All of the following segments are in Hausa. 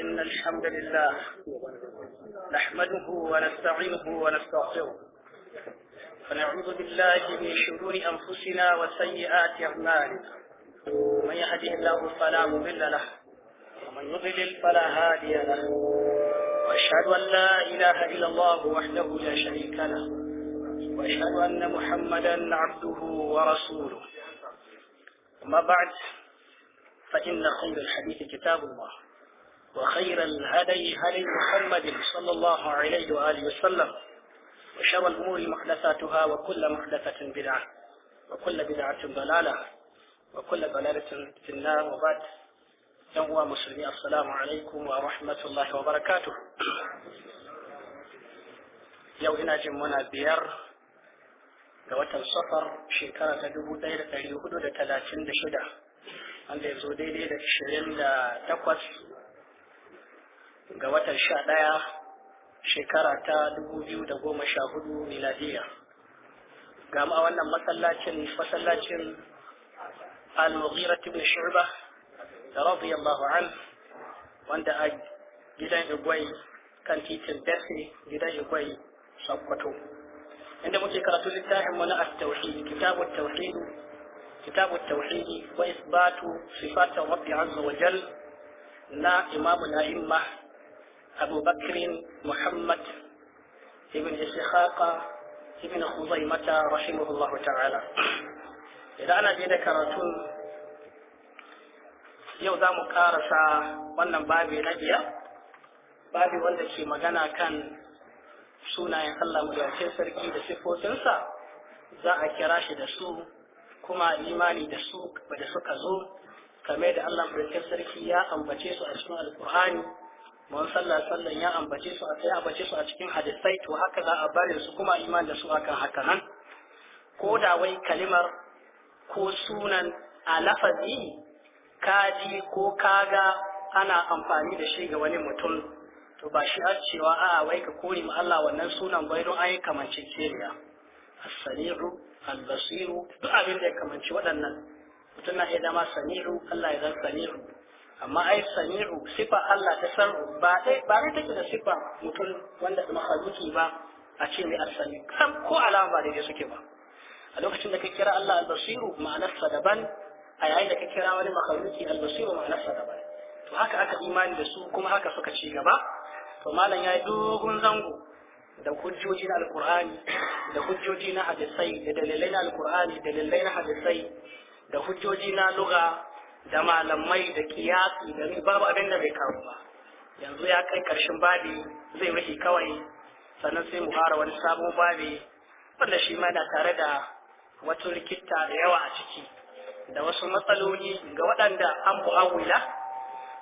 إن الحمد لله نحمده ونستعينه ونستغفره ونعوذ بالله من شرور أنفسنا وسيئات أعمالنا من يهده الله فلا مضل له ومن يضلل فلا هادي له وأشهد أن لا إله إلا الله وحده لا شريك له وأشهد أن محمدا عبده ورسوله أما بعد فإن خير الحديث كتاب الله وخير الهدي هدي محمد صلى الله عليه وآله وسلم وشر الأمور محدثاتها وكل محدثة بدعة وكل بدعة ضلالة وكل ضلالة في النار وبعد يوم مسلمي السلام عليكم ورحمة الله وبركاته يوم ina jin muna biyar ga watan safar shekara ta dubu ɗaya da ɗari hudu da talatin da shida wanda ya zo daidai da ashirin da takwas ga watan sha ɗaya shekara ta dubu biyu da goma sha hudu miladiya ga ma wannan masallacin masallacin al-mughira ibn shu'ba radiyallahu an wanda a gidan igwai kan titin dasi gidan igwai sakkwato inda muke karatu littafin mu na at-tauhid kitabu at-tauhid kitabu at-tauhid wa isbatu sifatu rabbi azza wa jalla na imamu na'imma أبو Muhammad, محمد ابن إسحاق ابن خزيمة رحمه الله تعالى إذا أنا جينا كراتون yau za mu karasa wannan babi na Babu wanda ke magana kan sunayen Allah mudaukin sarki da siffofinsa za a kira shi da su kuma imani da su da suka zo kame da Allah mudaukin sarki ya ambace su a cikin alkur'ani mun sallah sallan ya ambace su a sai ambace su a cikin hadisai to haka za a bare su kuma iman da su akan haka nan ko da wai kalimar ko sunan a lafazi kaji ko kaga ana amfani da shi ga wani mutum to ba shi har cewa a wai ka kore ma Allah wannan sunan bai don ayi kamance kiriya as-sami'u al-basiru duk abin da ya kamance waɗannan mutum na iya dama sami'u Allah ya zan sami'u amma ai sami'u sifa Allah ta san ba dai ba dai take da sifa mutum wanda da makhluki ba a ce mai asali kam ko alama ba daidai suke ba a lokacin da ka kira Allah al-basiru ma'anarsa daban a yayin da ka kira wani makhluki al-basiru ma'anarsa daban to haka aka imani da su kuma haka suka ci gaba to malam yayi dogon zango da hujjoji na alqur'ani da hujjoji na hadisai da dalilai na alqur'ani da dalilai na hadisai da hujjoji na lugha da malamai da kiyasi da babu abin da bai kawo ba yanzu ya kai karshen babi zai rufe kawai sannan sai mu fara wani sabon babi wanda shi ma na tare da wata rikita da yawa a ciki da wasu matsaloli ga waɗanda an mu'awila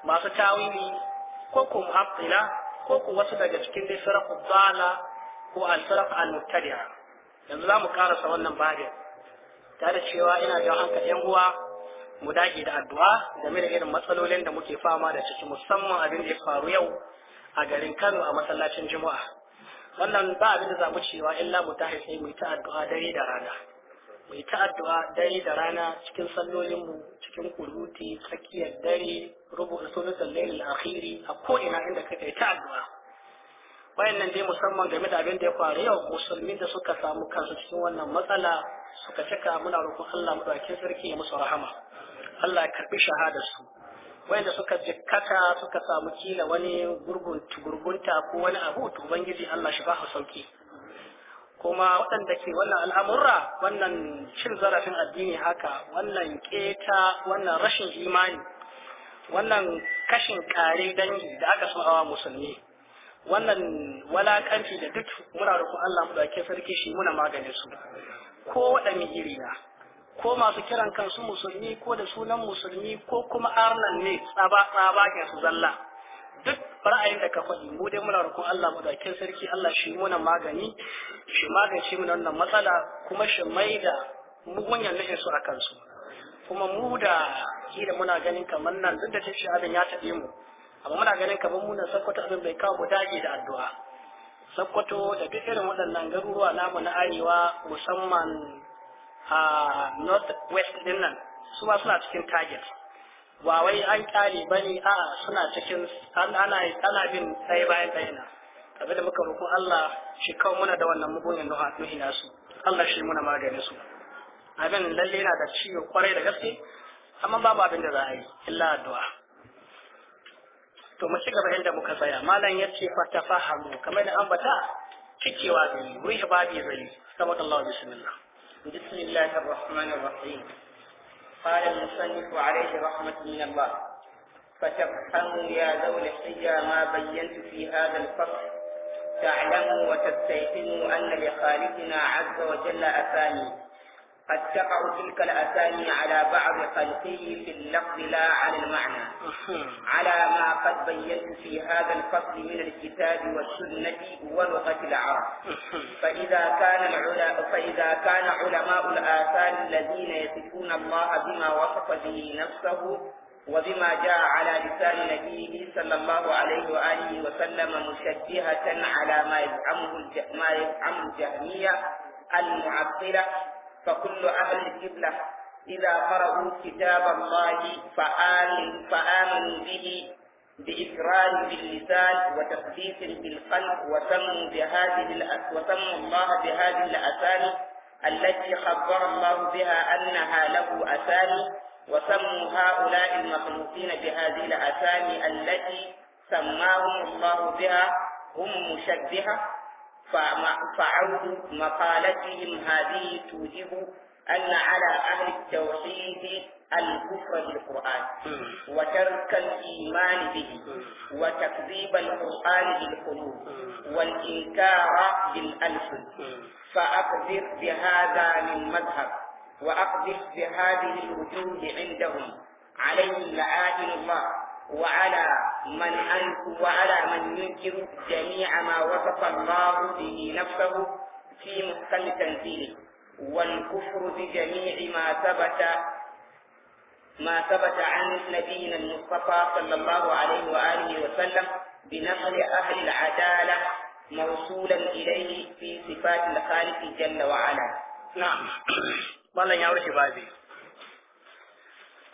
masu tawili ko ko muhaffila ko ko wasu daga cikin dai firaq zala ko al-firaq al muttadia yanzu za mu karasa wannan babin tare cewa ina da hankalin uwa mu dage da addu'a game da irin matsalolin da muke fama da ciki musamman abin da ya faru yau a garin Kano a masallacin Juma'a wannan ba abin da za mu cewa illa mu ta sai mu ta addu'a dare da rana mu yi ta addu'a dare da rana cikin sallolin mu cikin kuruti tsakiyar dare rubuta sunan lailil akhiri a ko ina inda kake ta addu'a nan dai musamman game da abin da ya faru yau musulmi da suka samu kansu cikin wannan matsala suka cika muna roƙon Allah madaukakin sarki ya musu rahama Allah ya karbi shahada su wanda suka jikkata suka samu kila wani gurgunta ko wani abu to ubangiji Allah shi ba sauki kuma waɗanda ke wannan al'amurra wannan cin zarafin addini haka wannan keta wannan rashin imani wannan kashin kare dangi da aka so awa musulmi wannan walakanci da duk muna roƙon Allah mu dauke sarki shi muna maganin su ko waɗanne irina. ko masu kiran kansu musulmi ko da sunan musulmi ko kuma arnan ne tsaba tsaba ke su zalla duk ra'ayin da ka faɗi mu dai muna roƙon Allah mu dakin sarki Allah shi nan magani shi magance mu wannan matsala kuma shi da mu gunyan ne su a kansu kuma mu da da muna ganin kamar nan duk da ta shi abin ya taɓe mu amma muna ganin kamar mu nan sakkwato abin bai kawo mu dage da addu'a sakkwato da duk irin waɗannan garuruwa namu na arewa musamman a ah, north west din nan su ma suna cikin target ba wai an kyale bane a suna cikin ana ana bin ɗaya bayan ɗaya na kabe da muka roƙo Allah shi kawo muna da wannan mugunin nuha nuhi nasu Allah shi muna maganin su abin lalle yana da ciwo kwarai da gaske amma babu abin da za a yi illa addu'a to mu ci gaba inda muka tsaya malam yace fa tafahamu kamar da ambata cikewa zai ruhi babi zai saboda Allah bismillah بسم الله الرحمن الرحيم قال المصنف عليه رحمة من الله فتفهموا يا ذوي الحجة ما بينت في هذا الفصل تعلموا وتستيقنوا أن لخالقنا عز وجل أثاني قد تقع تلك الأساني على بعض خلقه في اللفظ لا على المعنى على ما قد بينت في هذا الفصل من الكتاب والسنة ولغة العرب فإذا كان العلماء فإذا كان علماء الآثار الذين يصفون الله بما وصف به نفسه وبما جاء على لسان نبيه صلى الله عليه وآله وسلم مشبهة على ما يزعمه ما يزعمه الجهمية المعطلة فكل أهل القبلة إذا قرأوا كتاب الله فآمنوا فآمنوا به بإكرار باللسان وتقديس بالقلب وسموا بهذه وسموا الله بهذه الأسامي التي خبر الله بها أنها له أسامي وسموا هؤلاء المخلوقين بهذه الأسامي التي سماهم الله بها هم مشبهة فعود مقالتهم هذه توجب أن على أهل التوحيد الكفر بالقرآن وترك الإيمان به وتكذيب القرآن بالقلوب والإنكار بالألسن فأقذف بهذا من مذهب وأقذف بهذه الوجوه عندهم عليهم لآدم الله وعلى من أنكر وعلى من ينكر جميع ما وصف الله به نفسه في محكم تنزيله والكفر بجميع ما ثبت ما ثبت عن نبينا المصطفى صلى الله عليه وآله وسلم بنقل أهل العدالة موصولا إليه في صفات الخالق جل وعلا نعم والله يا وجه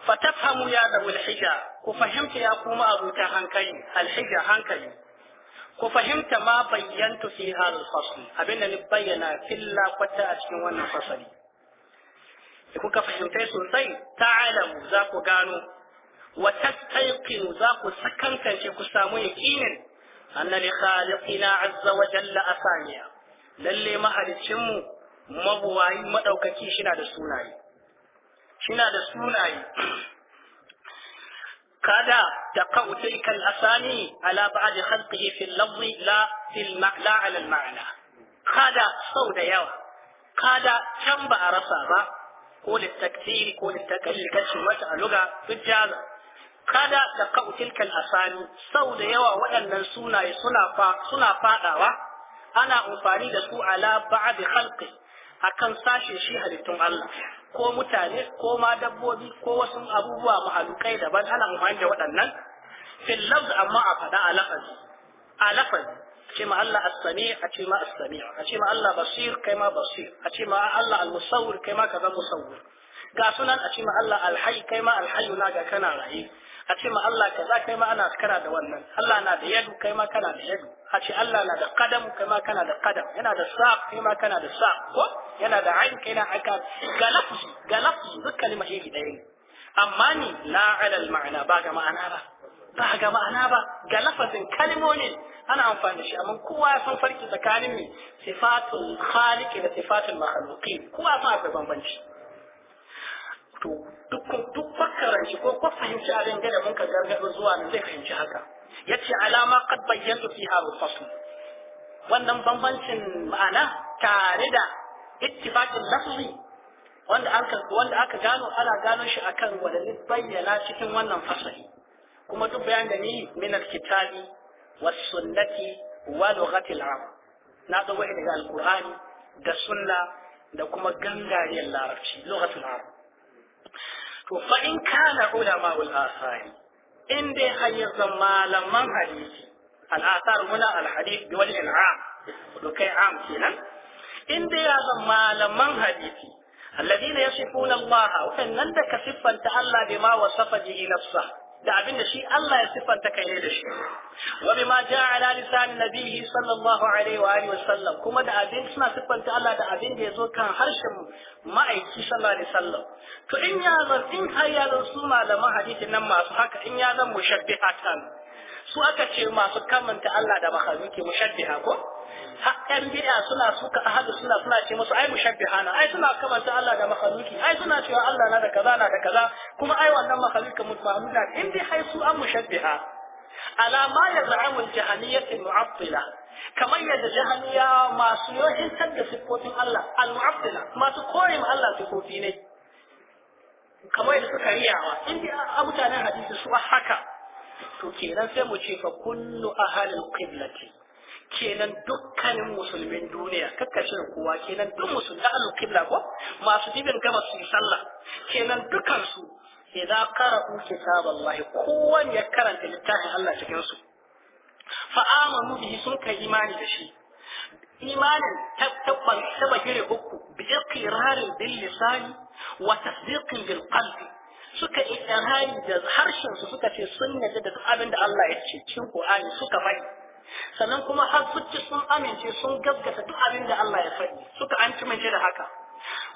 fatafhamu ya da hija ku fahimta ya kuma abuta hankali alhija hankali ku fahimta ma bayyanta fi hadal fasl abinda ni bayyana filla kwata a cikin wannan fasali da kuka fahimta sosai ta'alamu za ku gano wa tastayqinu za ku sakankance ku samu yaqinin anna li khaliqina azza wa jalla asaniya lalle mahaliccin mu mabuwayi madaukaki shi na da sunaye shina da sunaye kada da ka'u tilka al-asani ala ba'd khalqihi fil lafzi la fil ma'la ala al-ma'na kada sau da yawa kada can ba a rasa ba ko littaktir ko littakallil kashi mata a luga tujjaza kada da ka'u tilka al-asani sau da yawa waɗannan sunaye suna fa suna fadawa ana amfani da su ala ba'd khalqi akan sashe shi halittun Allah ko mutane ko ma dabbobi ko wasu abubuwa mahalukai daban ana amfani da waɗannan fil lafz amma a faɗa a lafazi a lafazi ce ma Allah as-sami a ce ma as-sami a ce ma Allah basir kai ma basir a ce ma Allah al-musawwir kai ma kaza musawwir ga sunan a ce ma Allah al-hayy kai ma al-hayy na ga kana rayi a ce ma Allah kaza kai ma ana kana da wannan Allah na da yadu kai ma kana da yadu a ce Allah na da qadamu kai ma kana da qadam yana da saq kai ma kana da saq ko yana da ain kai na aka galafzi galafzi duk kalma iri ɗaya amma ni la ala ma'ana ba ga ma'ana ba ba ga ma'ana ba ga lafazin ana amfani da shi amma kowa ya san farki tsakanin ne sifatul khaliqi da sifatul makhluqi kowa ya san akwai bambanci karanci ko ko fahimci abin da mun ka zuwa nan zai fahimci haka Ya ce alama qad bayyana fiha al wannan bambancin ma'ana tare da ittifaqin lafzi wanda aka wanda aka gano ana gano shi akan wanda bayyana cikin wannan fasali kuma duk bayan da ni min al-kitabi was sunnati wa lughati al-arab na dawo daga al-qur'ani da sunna da kuma gangariyar larabci lughatul arab to fa in kana ulama ul asari in dai har ya zama malaman hadisi al asar muna al hadith bi wal am to kai am kenan in dai ya zama malaman hadisi alladhina yasifuna Allah wa nan da ka siffanta Allah bima wasafa bihi nafsahu da abin da shi Allah ya siffanta kai ne da shi wa bima jaa ala lisan nabihi sallallahu alaihi wa alihi wasallam kuma da abin suna siffanta Allah da abin da yazo kan harshen ma'aiki sallallahu alaihi wasallam to in ya zan in har ya zan su malaman hadisi nan masu haka in ya zan mushabbihatan su aka ce masu kamanta Allah da makhluki mushabbiha ko har bid'a suna suka ahadu suna suna ce musu ai mushabbihana ai suna kamanta Allah da makhluki ai suna cewa Allah na da kaza na da kaza kuma ai wannan makhlukin mutmahamuna in dai hai su an mushabbiha ala ma yaz'amu al-jahaniyyah al-mu'attila kamar yadda jahaniya masu yohintar da siffofin Allah al-mu'attila masu kore ma Allah siffofi ne kamar yadda suka riyawa in dai mutanen hadisi su haka to kenan sai mu ce fa kullu ahalil qiblati kenan dukkanin musulmin duniya kakkashin kowa kenan duk musulmi ahlu qibla ko masu dibin gama su yi sallah kenan dukansu. dukan su idan qara'u kitaballahi kowan ya karanta littafin Allah cikin su fa amanu sun kai imani da shi imanin tabban ta gire uku biyar kirarin bil lisani wa tasdiqin bil qalbi suka iqrari da harshen su suka ce sun yadda da abin da Allah ya ce cikin Qur'ani suka bai sannan kuma har suci sun amince sun gaskata duk abin da Allah ya faɗi suka an ci da haka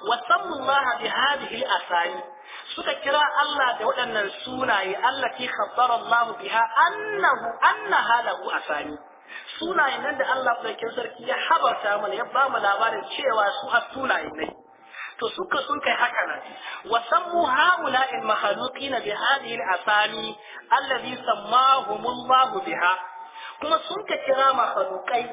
wasallallaha bi hadhihi asani suka kira Allah da waɗannan sunaye Allah ki khabbara Allah biha annahu annaha lahu asani sunayen nan da Allah ɗaukin sarki ya habarta mana ya ba mu labarin cewa su har sunaye ne to suka sun kai haka nan wa sammu haula al makhluqin bi hadhihi al asani allazi sammahum biha kuma sun ka kira mahalukai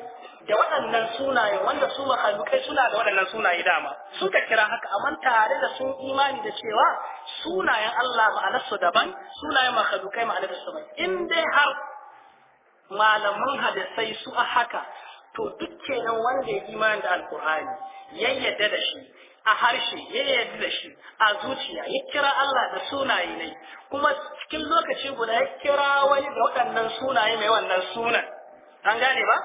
da waɗannan sunaye wanda su mahalukai suna da waɗannan sunaye dama sun ka kira haka amma tare da sun imani da cewa sunayen Allah ma'anarsu daban sunayen mahalukai ma'anarsu daban in dai har malaman hadisai su a haka to duk kenan wanda ya imani da alkur'ani ya yadda da shi a harshe ya yi da shi a zuciya ya kira Allah da sunaye ne kuma cikin lokaci guda ya kira wani da waɗannan sunaye mai wannan sunan an gane ba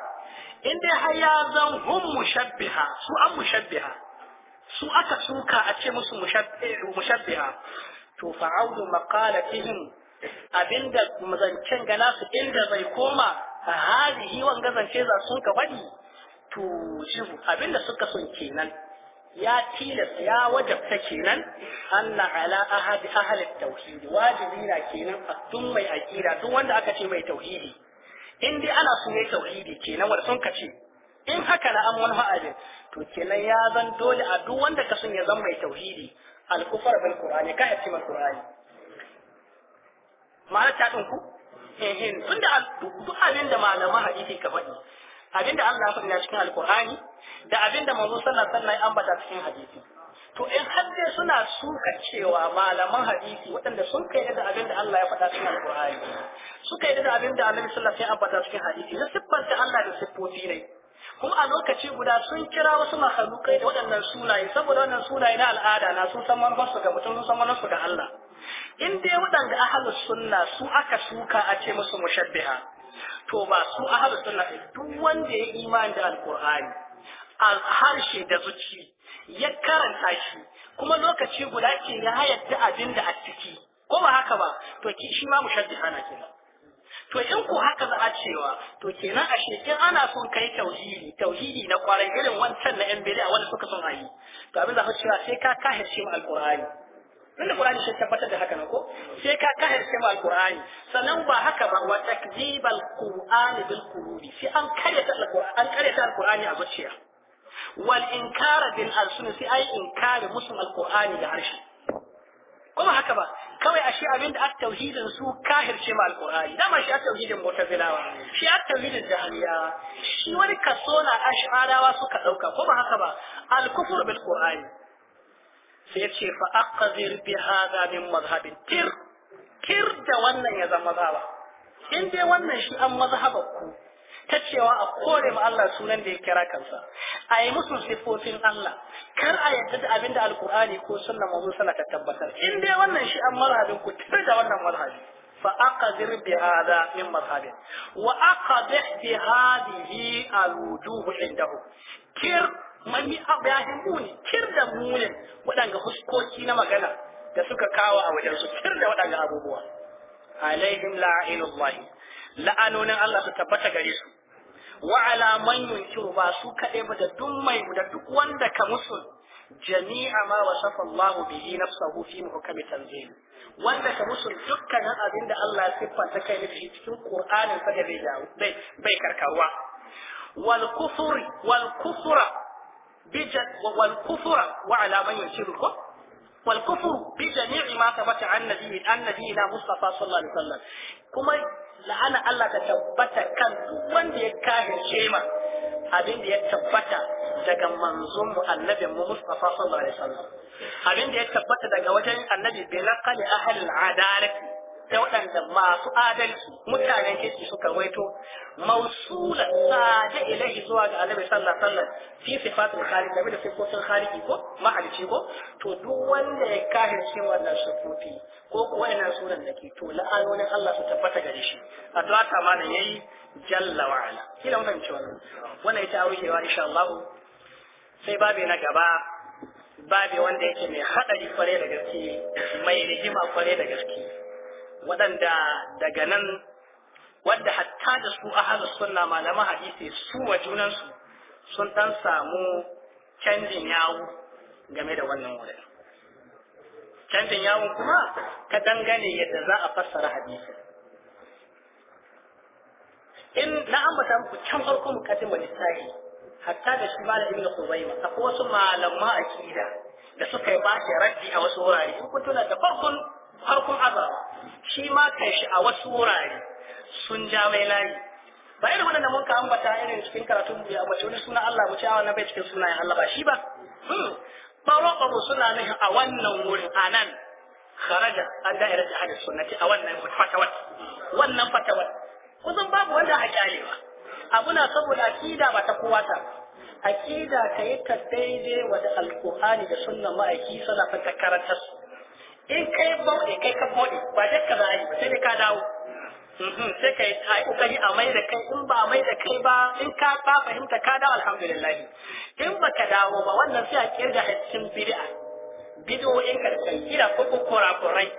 in dai har ya zan hun mushabbiha su an mushabbiha su aka suka a ce musu mushabbiha to fa'audu maqalatihim abinda mazancen ga nasu inda zai koma a hadihi wanga zance za sun ka faɗi to shi abinda suka son kenan ya tilasta ya wajabta kenan anna ala ahadi ahli tauhid wajibi na kenan duk mai aqida duk wanda aka ce mai tauhidi in dai ana so ne tauhidi kenan wanda sun kace in haka na amman fa'alin to kenan ya zan dole a duk wanda ka sun ya zan mai tauhidi al-kufar bil qur'ani ka yace mal qur'ani ma'ana ta dinku eh, eh tunda duk abin da malaman hadisi ka faɗi abin da Allah ya faɗi cikin al-qur'ani da abinda manzo sallallahu alaihi wasallam ambata cikin hadisi to in har dai suna suka cewa malaman hadisi waɗanda sun kai da abinda Allah ya faɗa cikin alqur'ani suka yi da abinda Annabi sallallahu alaihi wasallam ambata cikin hadisi na siffanta Allah da siffofi ne kuma a lokaci guda sun kira wasu mahalukai da waɗannan sunaye saboda wannan sunaye na al'ada na sun san manufarsu ga mutum sun san manufarsu ga Allah in dai waɗanda ahalus sunna su aka suka a ce musu mushabbiha to ba su ahalus sunna duk wanda ya imani da alqur'ani a harshe da zuci ya karanta shi kuma lokaci guda ce ya hayatta abin da a ciki ko ba haka ba to ki shi ma mu mushaddiha na kenan to in ko haka za a cewa to kenan a shekin ana son kai tauhidi tauhidi na kwarai irin wancan na yan a wanda suka son ayi to abin da ka cewa sai ka kahirce mu alqur'ani inda qur'ani shi tabbatar da haka ne ko sai ka kahirce mu alqur'ani sannan ba haka ba wa takdibal qur'ani bil qulubi sai an karya karyata alqur'ani an karyata alqur'ani a zuciya wal inkara bil alsun sai ai inkari musu alqur'ani da harshe kuma haka ba kawai ashe abin da at-tauhidin su kahirce ma alqur'ani dama shi at-tauhidin mu'tazilawa shi at-tauhidin jahmiya shi wani kaso na ash'arawa suka dauka kuma haka ba al-kufr bil qur'ani sai yace fa aqdir bi hadha min madhhabin tir kir da wannan ya zama zawa. in dai wannan shi an mazhabar ku ta cewa a kore ma Allah sunan da ya kira kansa a yi musu siffofin Allah kar a yadda da abin da alkur'ani ko sunna mazu sana ta tabbatar in dai wannan shi an marhabin ku tare da wannan marhabi fa aqdir bi hada min marhabin wa aqdih bi al alwujuh indahu kir mani abahin muni kir da muni wadanga huskoki na magana da suka kawo a wajen su kir da wadanga abubuwa alaihim la'inullahi la'anonin Allah su tabbata gare su wa ala man yunkiru ba su kaɗai ba da duk mai da duk wanda ka musu jami'a ma wasafa Allah bihi nafsahu fi muhkami tanzil wanda ka musu dukkanin abin da Allah ya siffanta kai nufi cikin Qur'anin fa da bai bai bai karkarwa wal kufri wal kufra bijat wal kufra wa ala man ko والكفر بجميع ما ثبت عن نبي عن نبينا مصطفى صلى الله عليه وسلم كما la'ana Allah ta tabbata kan duk wanda ya kafirce ma abin da ya tabbata daga manzon mu annabin Mustafa sallallahu alaihi wasallam abin da ya tabbata daga wajen annabi bi laqali ahli al-adalati da waɗanda masu adalci mutanen kirki suka waito mausula sada ilahi zuwa ga annabi sallallahu alaihi wasallam fi sifatul khaliq da sun khaliqi ko mahalici ko to duk wanda ya kare cikin wannan sifofi ko kuwa ina sunan da ke to la'anonin Allah su tabbata gare shi a to ma yi yayi jalla wa ala kila ci wannan wannan ita sai babe na gaba babe wanda yake mai hadari kware da gaske mai rigima kware da gaske waɗanda daga nan wadda hatta da su ahalus sunna malaman hadisi su wa junansu sun dan samu canjin yawo game da wannan wurin canjin yawon kuma ka dangane yadda za a fassara hadisi in na ambata muku can farko mukaddima lissafi hatta da shi malam ibnu khuzaima akwai wasu malaman akida da suka yi ba raddi a wasu wurare in kun tuna da farkon farkon azaba shi ma kanshi a wasu wurare sun ja mai layi ba irin wannan da muka ambata irin cikin karatun ya bace wani suna Allah mu ce a ah, wannan bai cikin sunayen Allah ba shi ba hmm. baro baro suna nihin a wannan wurin a nan kharaja an da'ira ta hadis sunnati a wannan fatawat wannan fatawat kusan babu wanda a kyalewa abu na saboda akida ba ta kowa ta akida ka yi ta daidai wa da alkur'ani da sunnan ma'aiki sadaka ta karanta su in kai bauɗe kai ka bauɗe ba dai ka zai ba sai ka dawo mhm, sai ka yi kokari a mai da kai in ba a mai da kai ba in ka ka fahimta ka dawo alhamdulillah in ba ka dawo ba wannan sai a kirga a cikin bid'a bid'o'in ka da kira ko rai.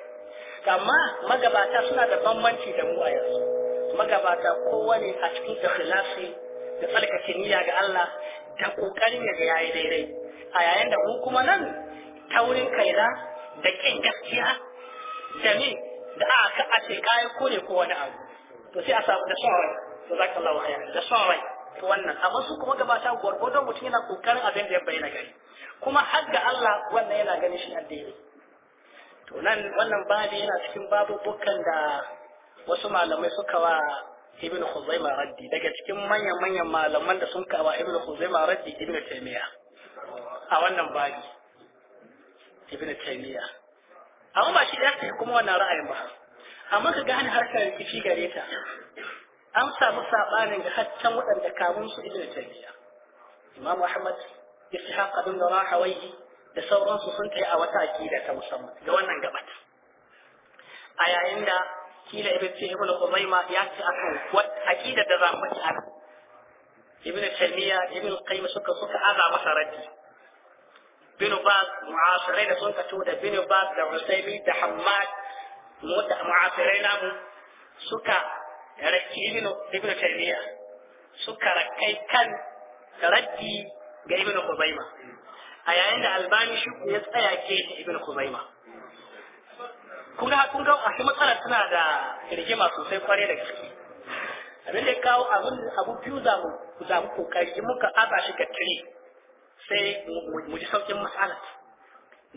amma magabata suna da bambanci da mu a yanzu magabata kowane a cikin ikhlasi da tsarkake niyya ga Allah da kokarin ya ga yayi daidai a yayin da mu kuma nan taurin kaida da kin gaskiya da ni da aka ace kai ko ne ko wani abu to sai a samu da son rai to zaka Allah ya da son rai to wannan amma su kuma gabata gwargwadon mutum yana kokarin abin da ya bayyana gari kuma har ga Allah wannan yana ganin shi addini to nan wannan babu yana cikin babubukan da wasu malamai suka wa ibn Khuzaimah raddi daga cikin manyan manyan malaman da sun kawa ibn Khuzaimah raddi ibn Taymiyyah a wannan babu ibn taymiya amma ba shi da yake kuma wannan ra'ayin ba amma ka gane harkar rikici gare ta an samu sabanin ga haccan waɗanda kamun su ibn taymiya imam ahmad ishaq ibn rahawayhi da sauransu sun kai a wata akida ta musamman ga wannan gabata a yayin da kila ibn ce ibn qudaima ya ce akan wata akida da za mu ci ibn taymiya ibn qayyim suka suka aza masa raddi bin Baz mu'asirai da sun kato da bin da Husaini da Hammad mu'asirai namu suka rakki ibn ibn Taymiya suka rakkai kan raddi ga ibn Khuzaima a yayin da Albani shi ya tsaya ke ibn Khuzaima kun ga kun ga a matsalar tana da rigima sosai kware da gaske abin da ya kawo abin abu biyu za mu za mu kokari muka aba shi ga tiri sai mu ji saukin matsala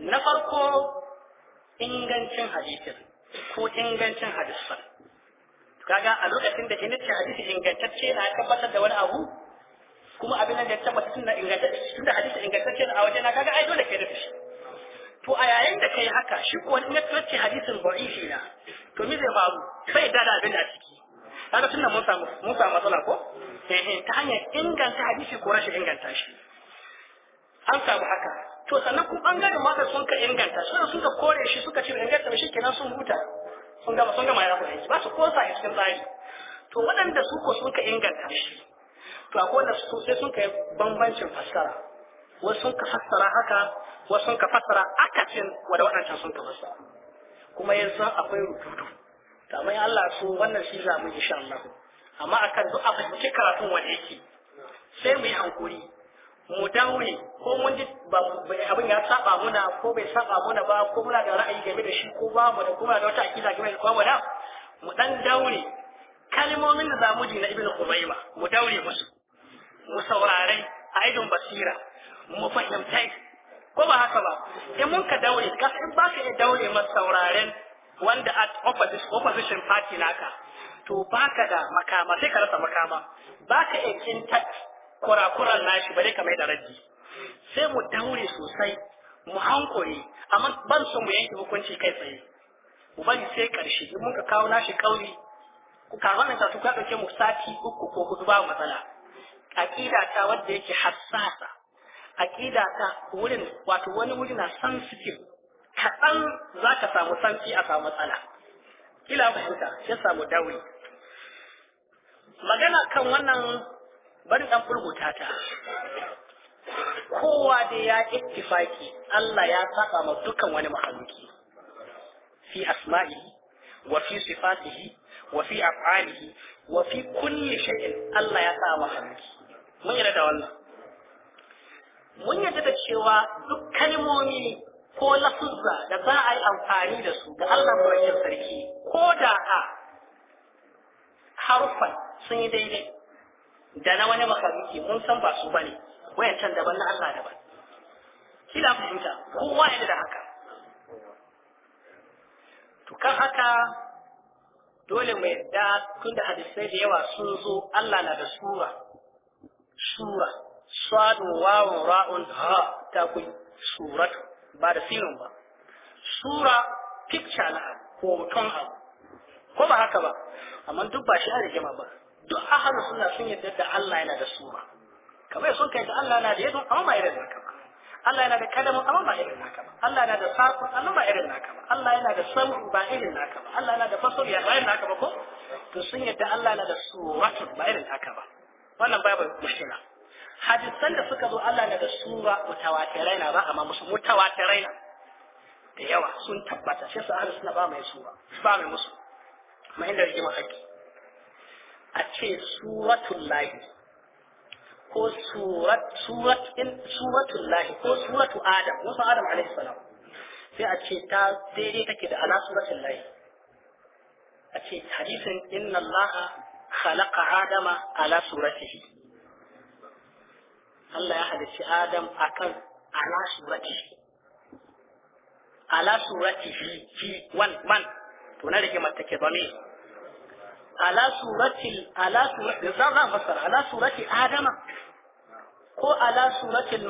na farko ingancin hadisin ko ingancin hadisan kaga a lokacin da ingancin hadisi ingantacce na tabbatar da wani abu kuma abin da ya tabbata tun da ingantacce tun da hadisi ingantacce a wajen kaga ai dole kai da shi to a yayin da kai haka shi ko wani yace hadisin da'ifi na to me zai faru Sai da abin a ciki kaga tunda mun samu mun samu matsala ko eh, eh ta hanyar inganta hadisi ko rashin inganta shi an samu haka to sannan kuma gane matar sun ka inganta suna sun ka kore shi suka ce gaskiya shi kenan sun huta sun gama sun gama ya rabu ba su kosa a cikin tsari to waɗanda su ko sun ka inganta shi to akwai wanda su sai sun kai bambancin fassara wasu sun ka fassara haka wasu sun ka fassara akacin wanda waɗancan sun ka fassara kuma yanzu akwai rubutu to amma Allah su wannan shi za mu insha Allah amma akan duk a fahimci karatun wanda yake sai mu yi hankuri mu daure ko mun ji abin ya saba muna ko bai saba muna ba ko muna da ra'ayi game da shi ko ba mu da kuma da wata akida game da kuma da mu dan daure kalmomin da zamu ji na ibnu khuzaima mu daure musu mu saurare a idon basira mu fahimta ko ba haka ba in mun ka daure ka in ba ka iya daure ma sauraren wanda at opposition party naka to baka da makama sai ka rasa makama baka iya kintat kurakuran nashi bare ka mai da raddi sai mu daure sosai mu hankuri amma ban so mu yanke hukunci kai tsaye mu bari sai karshe in muka kawo nashi ku kafin nan tatu ka dauke mu sati uku ko hudu ba matsala aqida ta wanda yake hassasa aqida ta wurin wato wani wuri na sensitive kaɗan za ka samu sanki a samu matsala kila fahimta ya samu dauri magana kan wannan bari dan furguta ta kowa da ya ittifaki Allah ya saba ma dukkan wani mahaluki fi asma'i wa fi sifatihi wa fi af'alihi wa fi kulli shay'in Allah ya saba mahaluki mun yarda da wannan mun yarda da cewa duk kalmomi ko lafuzza da za a yi amfani da su ga Allah mai sarki ko da a harfan sun yi daidai da na wani makamuki mun san ba su bane can daban na Allah daban kila fahimta kowa yana da haka to kan haka dole mu yadda tun da hadisai da yawa sun zo Allah na da sura sura sadu wawun ra'un ha ta kun suratu ba da sinin ba sura picture na ko hoton ha ko ba haka ba amma duk ba shi a rigima ba duk ahlu sunna sun yadda da Allah yana da sura kamar sun kai da Allah yana da yadda amma ba irin naka ba Allah yana da kalamu amma ba irin naka ba Allah yana da sakon amma ba irin naka ba Allah yana da samu ba irin naka ba Allah yana da fasuriya ba irin naka ba ko to sun yadda Allah yana da suratun ba irin naka ba wannan babu mushkila hadisan da suka zo Allah na da sura mutawatirai na ba amma musu mutawatirai na da yawa sun tabbata shi su ahlus sunna ba mai sura ba mai musu ma inda rigima haƙƙi a ce suratun lahi ko suratun lahi ko suratu adam wasu adam alaihi salam sai a ce ta daidai take da ala suratun lahi a ce hadisin inna allaha khalaqa adama ala suratihi Allah ya halicci Adam akan ala suratihi ala suratihi fi wan man to na rike mata ke bame ala surati ala surati zan ala surati adama ko ala surati al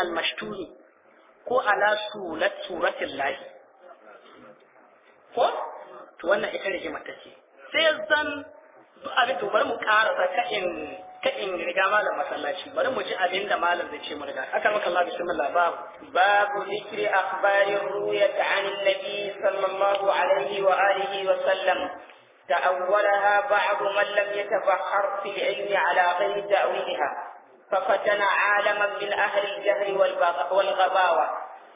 al-mashtuni ko ala surati lahi ko to wannan ita rigimar take sai zan abin to mu karasa ka ka in riga malam masallaci bari mu ji abinda da malam zai mu riga aka maka Allah bismillah babu babu zikri akhbarir ruya an nabi sallallahu alaihi تأولها بعض من لم يتبحر في العلم على غير تأويلها ففتن عالما من أهل الجهل والغباوة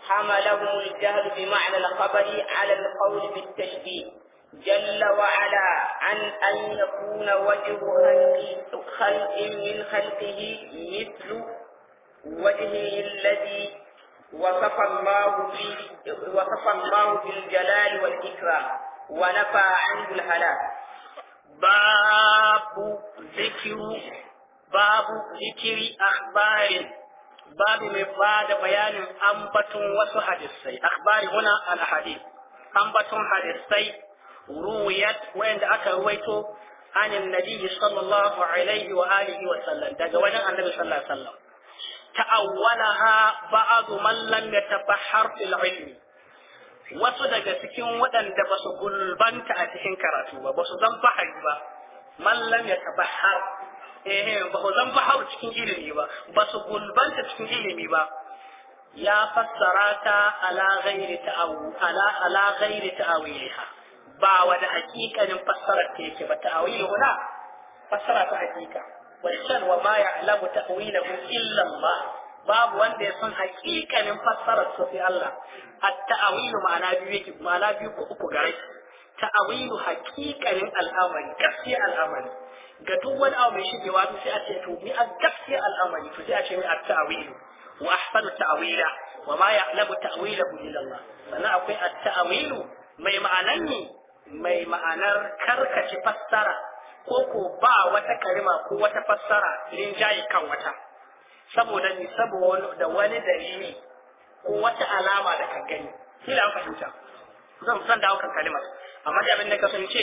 حملهم الجهل بمعنى الخبر على القول بالتشبيه جل وعلا عن أن يكون وجه خلق من خلقه مثل وجهه الذي وصف الله وصف الله بالجلال والإكرام ونفى عنه الهلاك babu zikiru babu zikiri akhbarin babu mai bada bayanin ambaton wasu hadisai akhbari huna al hadith ambaton hadisai ruwayat wanda aka ruwaito an annabi sallallahu alaihi wa alihi wa sallam daga wajen annabi sallallahu alaihi wa sallam ta'awwalaha ba'd man lam yatabahhar fil wasu daga cikin waɗanda ba su gulbanta a cikin karatu ba ba su zan bahari ba mallam ya taɓa tabahar eh ba su zan bahar cikin ilimi ba ba su gulbanta cikin ilimi ba ya fassara ta ala ghairi ta'awu ala ala ghairi ta'awiliha ba wani hakikanin fassarar ta yake ba ta'awili huna fassara ta hakika wa shan wa ma ya'lamu illan ba, Allah babu wanda ya san hakikanin fassarar su sai Allah at-ta'awilu ma'ana biyu yake ma'ana biyu ko uku gare shi ta'awilu haqiqanin al'amari gaskiya al'amari ga duk wani abu mai shigewa to sai a ce to ni a gaskiya al'amari to sai a ce ni at-ta'awilu wa ahsanu ta'wila wa ma ya'lamu ta'wilahu illa Allah sannan akwai at-ta'awilu mai ma'anar ne mai ma'anar karkace fassara ko ko ba wata kalima ko wata fassara rinjaye kan wata saboda ni saboda wani dalili ko wata alama da kan gani da an fahimta zan san dawo kan kalimar amma da abin da ka fahimce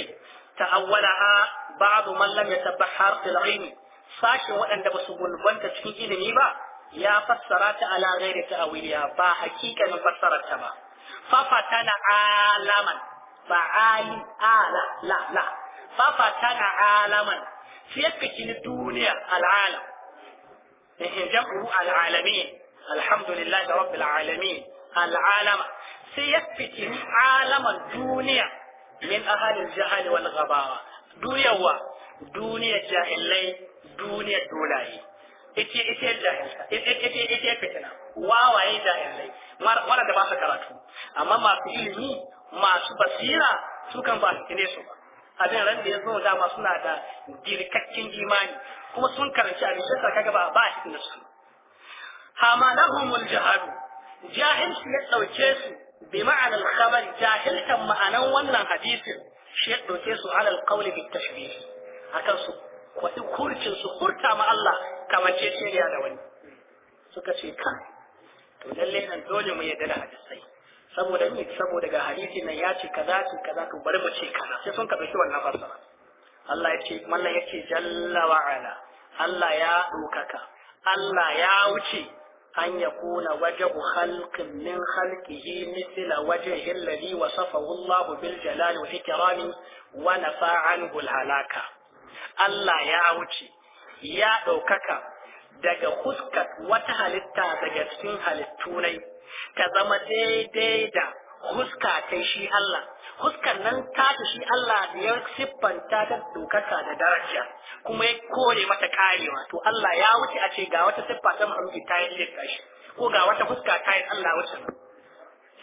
ta'awwalaha ba'd man lam yatabahhar fil ilmi sashin waɗanda ba su gulbanta cikin ilimi ba ya fassara ta ala ghairi ta'awiliya ba hakikanin fassarar ta ba Fafa tana alaman ba ali ala la la fafata na alaman sai ka kini duniya al'alam jam'u al'alamin alhamdulillahi rabbil alamin al'alama sai ya fiti alaman duniya min ahalin jahali wal gabawa duniyarwa Duniya jahilai duniya dolaye ita ita jahilta ita ita fitina wawaye jahilai mara da ba su karatu amma masu ilimi masu basira su kan ba su kine su ba abin ran da ya zo dama suna da girkakken imani kuma sun karanci abin shi kaga ba ba su hamalahumul jahalu jahilci ya ɗauke su bi ma'anar khabari jahiltan ma'anan wannan hadisin shi ya ɗauke su alal qawli bi tashbih akan su kwaɗi kurcin su hurta ma Allah kamance ce da wani suka ce kan to lalle nan dole mu yarda da hadisai saboda ni saboda ga hadisi nan ya ce kaza ce kaza to bari mu ce kaza sai sun ka dauki wannan fassara Allah ya ce mallan ya ce jalla wa ala Allah ya dokaka Allah ya wuce أن يكون وجه خلق من خلقه مثل وجهه الذي وصفه الله بالجلال والإكرام ونفى عنه الهلاكة الله يا أوتي يا أوكاكا daga huskat wata halitta daga cikin halittu ne ta zama daidai da huska ta shi Allah huskan nan ta shi Allah da ya siffanta ta dokarsa da daraja kuma ya kore mata karewa to Allah ya wuce a ce ga wata siffa ta Muhammadu ta yi iya tashi ko ga wata huska ta yi Allah wuce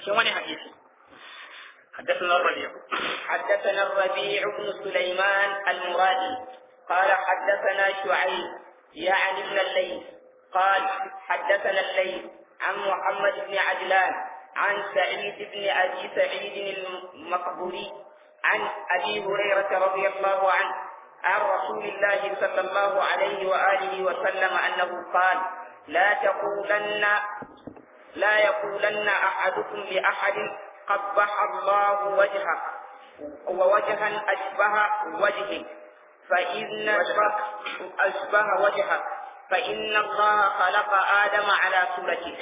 shi wani hadisi حدثنا الربيع حدثنا الربيع بن سليمان المرادي قال حدثنا شعيب يعني ابن الليث قال حدثنا الليث عن محمد بن عجلان عن سعيد بن أبي سعيد المقبولي عن أبي هريرة رضي الله عنه عن رسول الله صلى الله عليه وآله وسلم أنه قال لا تقولن لا يقولن أحدكم لأحد قبح الله وجهه ووجها أشبه وجهه فإن أشبه وجهه فإن الله خلق آدم على صورته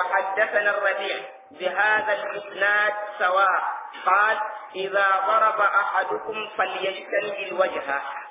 وحدثنا الربيع بهذا الإسناد سواء قال إذا ضرب أحدكم فليجتنب الوجه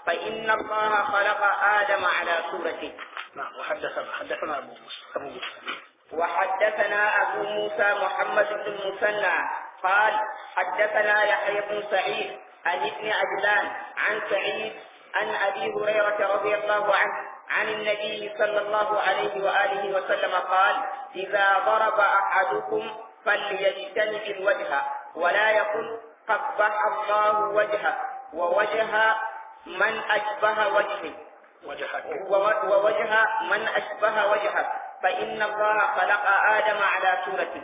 فإن الله خلق آدم على صورته نعم وحدثنا حدثنا أبو موسى أبو موسى وحدثنا أبو موسى محمد بن المثنى قال حدثنا يحيى بن سعيد عن ابن عجلان عن سعيد عن أبي هريرة رضي الله عنه عن النبي صلى الله عليه وآله وسلم قال إذا ضرب أحدكم فليجتنب الوجه ولا يقل قبح الله وجهه ووجه من أشبه وجهه ووجه من أشبه وجهه فإن الله خلق آدم على سورته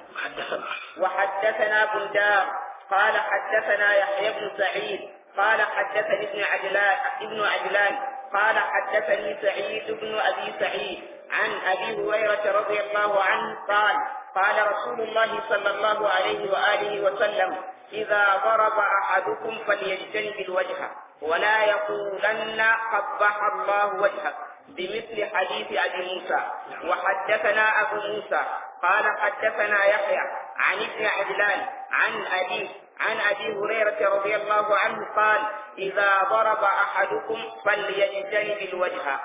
وحدثنا بندار قال حدثنا يحيى بن سعيد قال حدثني ابن عجلان ابن عجلان قال حدثني سعيد بن أبي سعيد عن أبي هريرة رضي الله عنه قال قال رسول الله صلى الله عليه وآله وسلم إذا ضرب أحدكم فليجتنب الوجه ولا يقولن قبح الله وجهك بمثل حديث أبي موسى وحدثنا أبو موسى قال حدثنا يحيى عن ابن عدلان عن أبيه عن ابي هريره رضي الله عنه قال اذا ضرب احدكم فليجتنب الوجه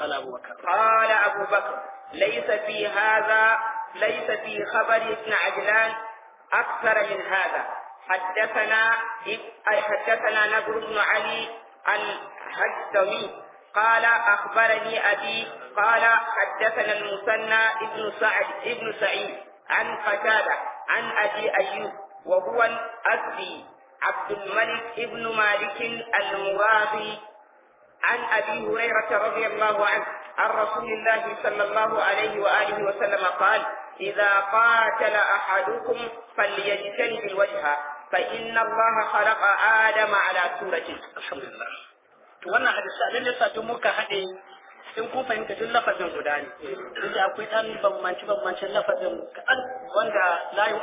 قال ابو بكر قال ابو بكر ليس في هذا ليس في خبر ابن عجلان اكثر من هذا حدثنا حدثنا نبر بن علي الهجتمي قال اخبرني ابي قال حدثنا المثنى ابن سعد ابن سعيد عن قتاده عن ابي ايوب وهو الأسدي عبد الملك ابن مالك المرابي عن أبي هريرة رضي الله عنه عن رسول الله صلى الله عليه وآله وسلم قال إذا قاتل أحدكم فليجتنب الوجه فإن الله خلق آدم على سورته الحمد لله وانا hadisi abin da yasa حدي haɗe in kun fahimta duk lafazin guda ne duk akwai ɗan bambanci bambancin lafazin wanda layu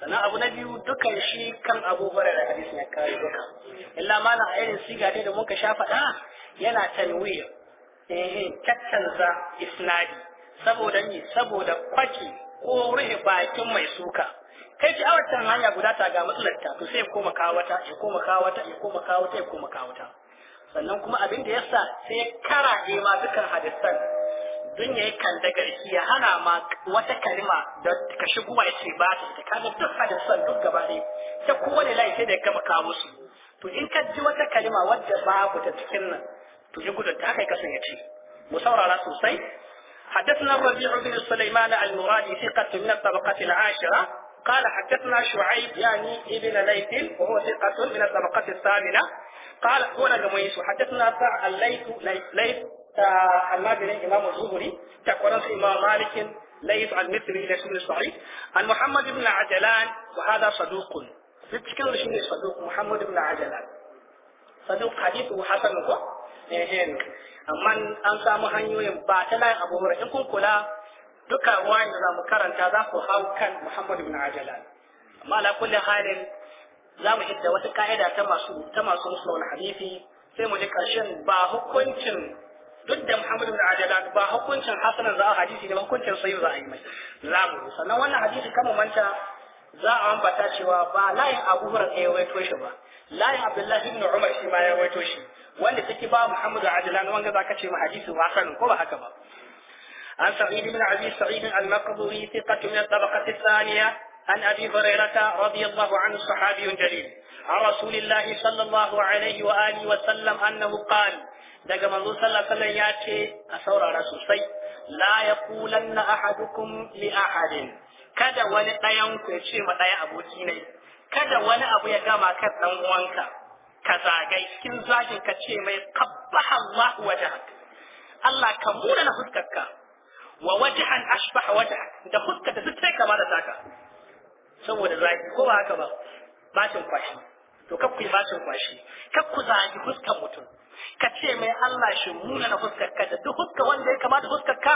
sannan abu na biyu dukan shi kan abu bara da hadisi ya kawo duka illa ma a irin siga dai da muka sha faɗa yana tanwir eh tattanza isnadi saboda ni saboda kwaki ko ruhi bakin mai suka kai ki awatan hanya guda ta ga matsalarta to sai koma kawata ya koma kawata ya koma kawata ya koma kawata sannan kuma abin da yasa sai ya karaje ma dukan hadisan don ya yi kandagarki ya hana ma wata kalima da ka shigo ya ce ba ta ita kaga duk duk gaba ne ta kowane layi da ya gama kawo su to in ka ji wata kalima wadda babu ta cikin nan to ji gudun ta haka kasan ya ce mu saurara sosai حدثنا الربيع بن سليمان المرادي ثقة من الطبقة العاشرة قال حدثنا شعيب يعني ابن ليث وهو ثقة من الطبقة الثامنة قال هنا حدثنا الليث ليث ta almajirin imamu zuhuri ta kwaransu imamu malikin al-misri da an muhammad ibn ajalan wa hada saduqun fi cikin shi ne muhammad ibn ajalan saduq hadithu hasan ko amma an samu hanyoyin ba ta layin abu in kun kula duka wani da zamu karanta za ku hau kan muhammad ibn ajalan amma ala kulli halin za mu hidda wata ka'ida ta masu ta masu sai mu ji ƙarshen ba hukuncin duk da Muhammad bin Adila ba hukuncin hasanan za a hadisi ne ba hukuncin sayyid za a yi mai za mu sannan wannan hadisi kama manta za a ambata cewa ba layin Abu Hurairah ya waito shi ba layin Abdullahi ibn Umar shi ma ya waito shi wanda take ba Muhammad bin Adila wanda zaka ce ma hadisin hasan ko ba haka ba عن سعيد بن عزيز سعيد المقبوري ثقة من الطبقة الثانية عن أبي هريرة رضي الله عنه صحابي جليل عن رسول الله صلى الله عليه وآله وسلم أنه قال daga manzo sallallahu alaihi ya ce a saurara sosai la yaqulanna ahadukum li ahadin kada wani ɗayan ku ya ce ma ɗaya aboki ne kada wani abu ya gama kan dan uwanka ka zagai cikin zagin ka ce mai qabbaha Allah wajhak Allah ka muna na fuskarka wa wajhan ashbaha wajhak da fuskar da duk sai kama da taka saboda zaki ko ba haka ba bashin kwashi to kak ku bashin kwashi kak ku zagi fuskar mutum ka ce mai Allah shi muna na fuskar ka da duk fuskar wanda ya kamata fuskar ka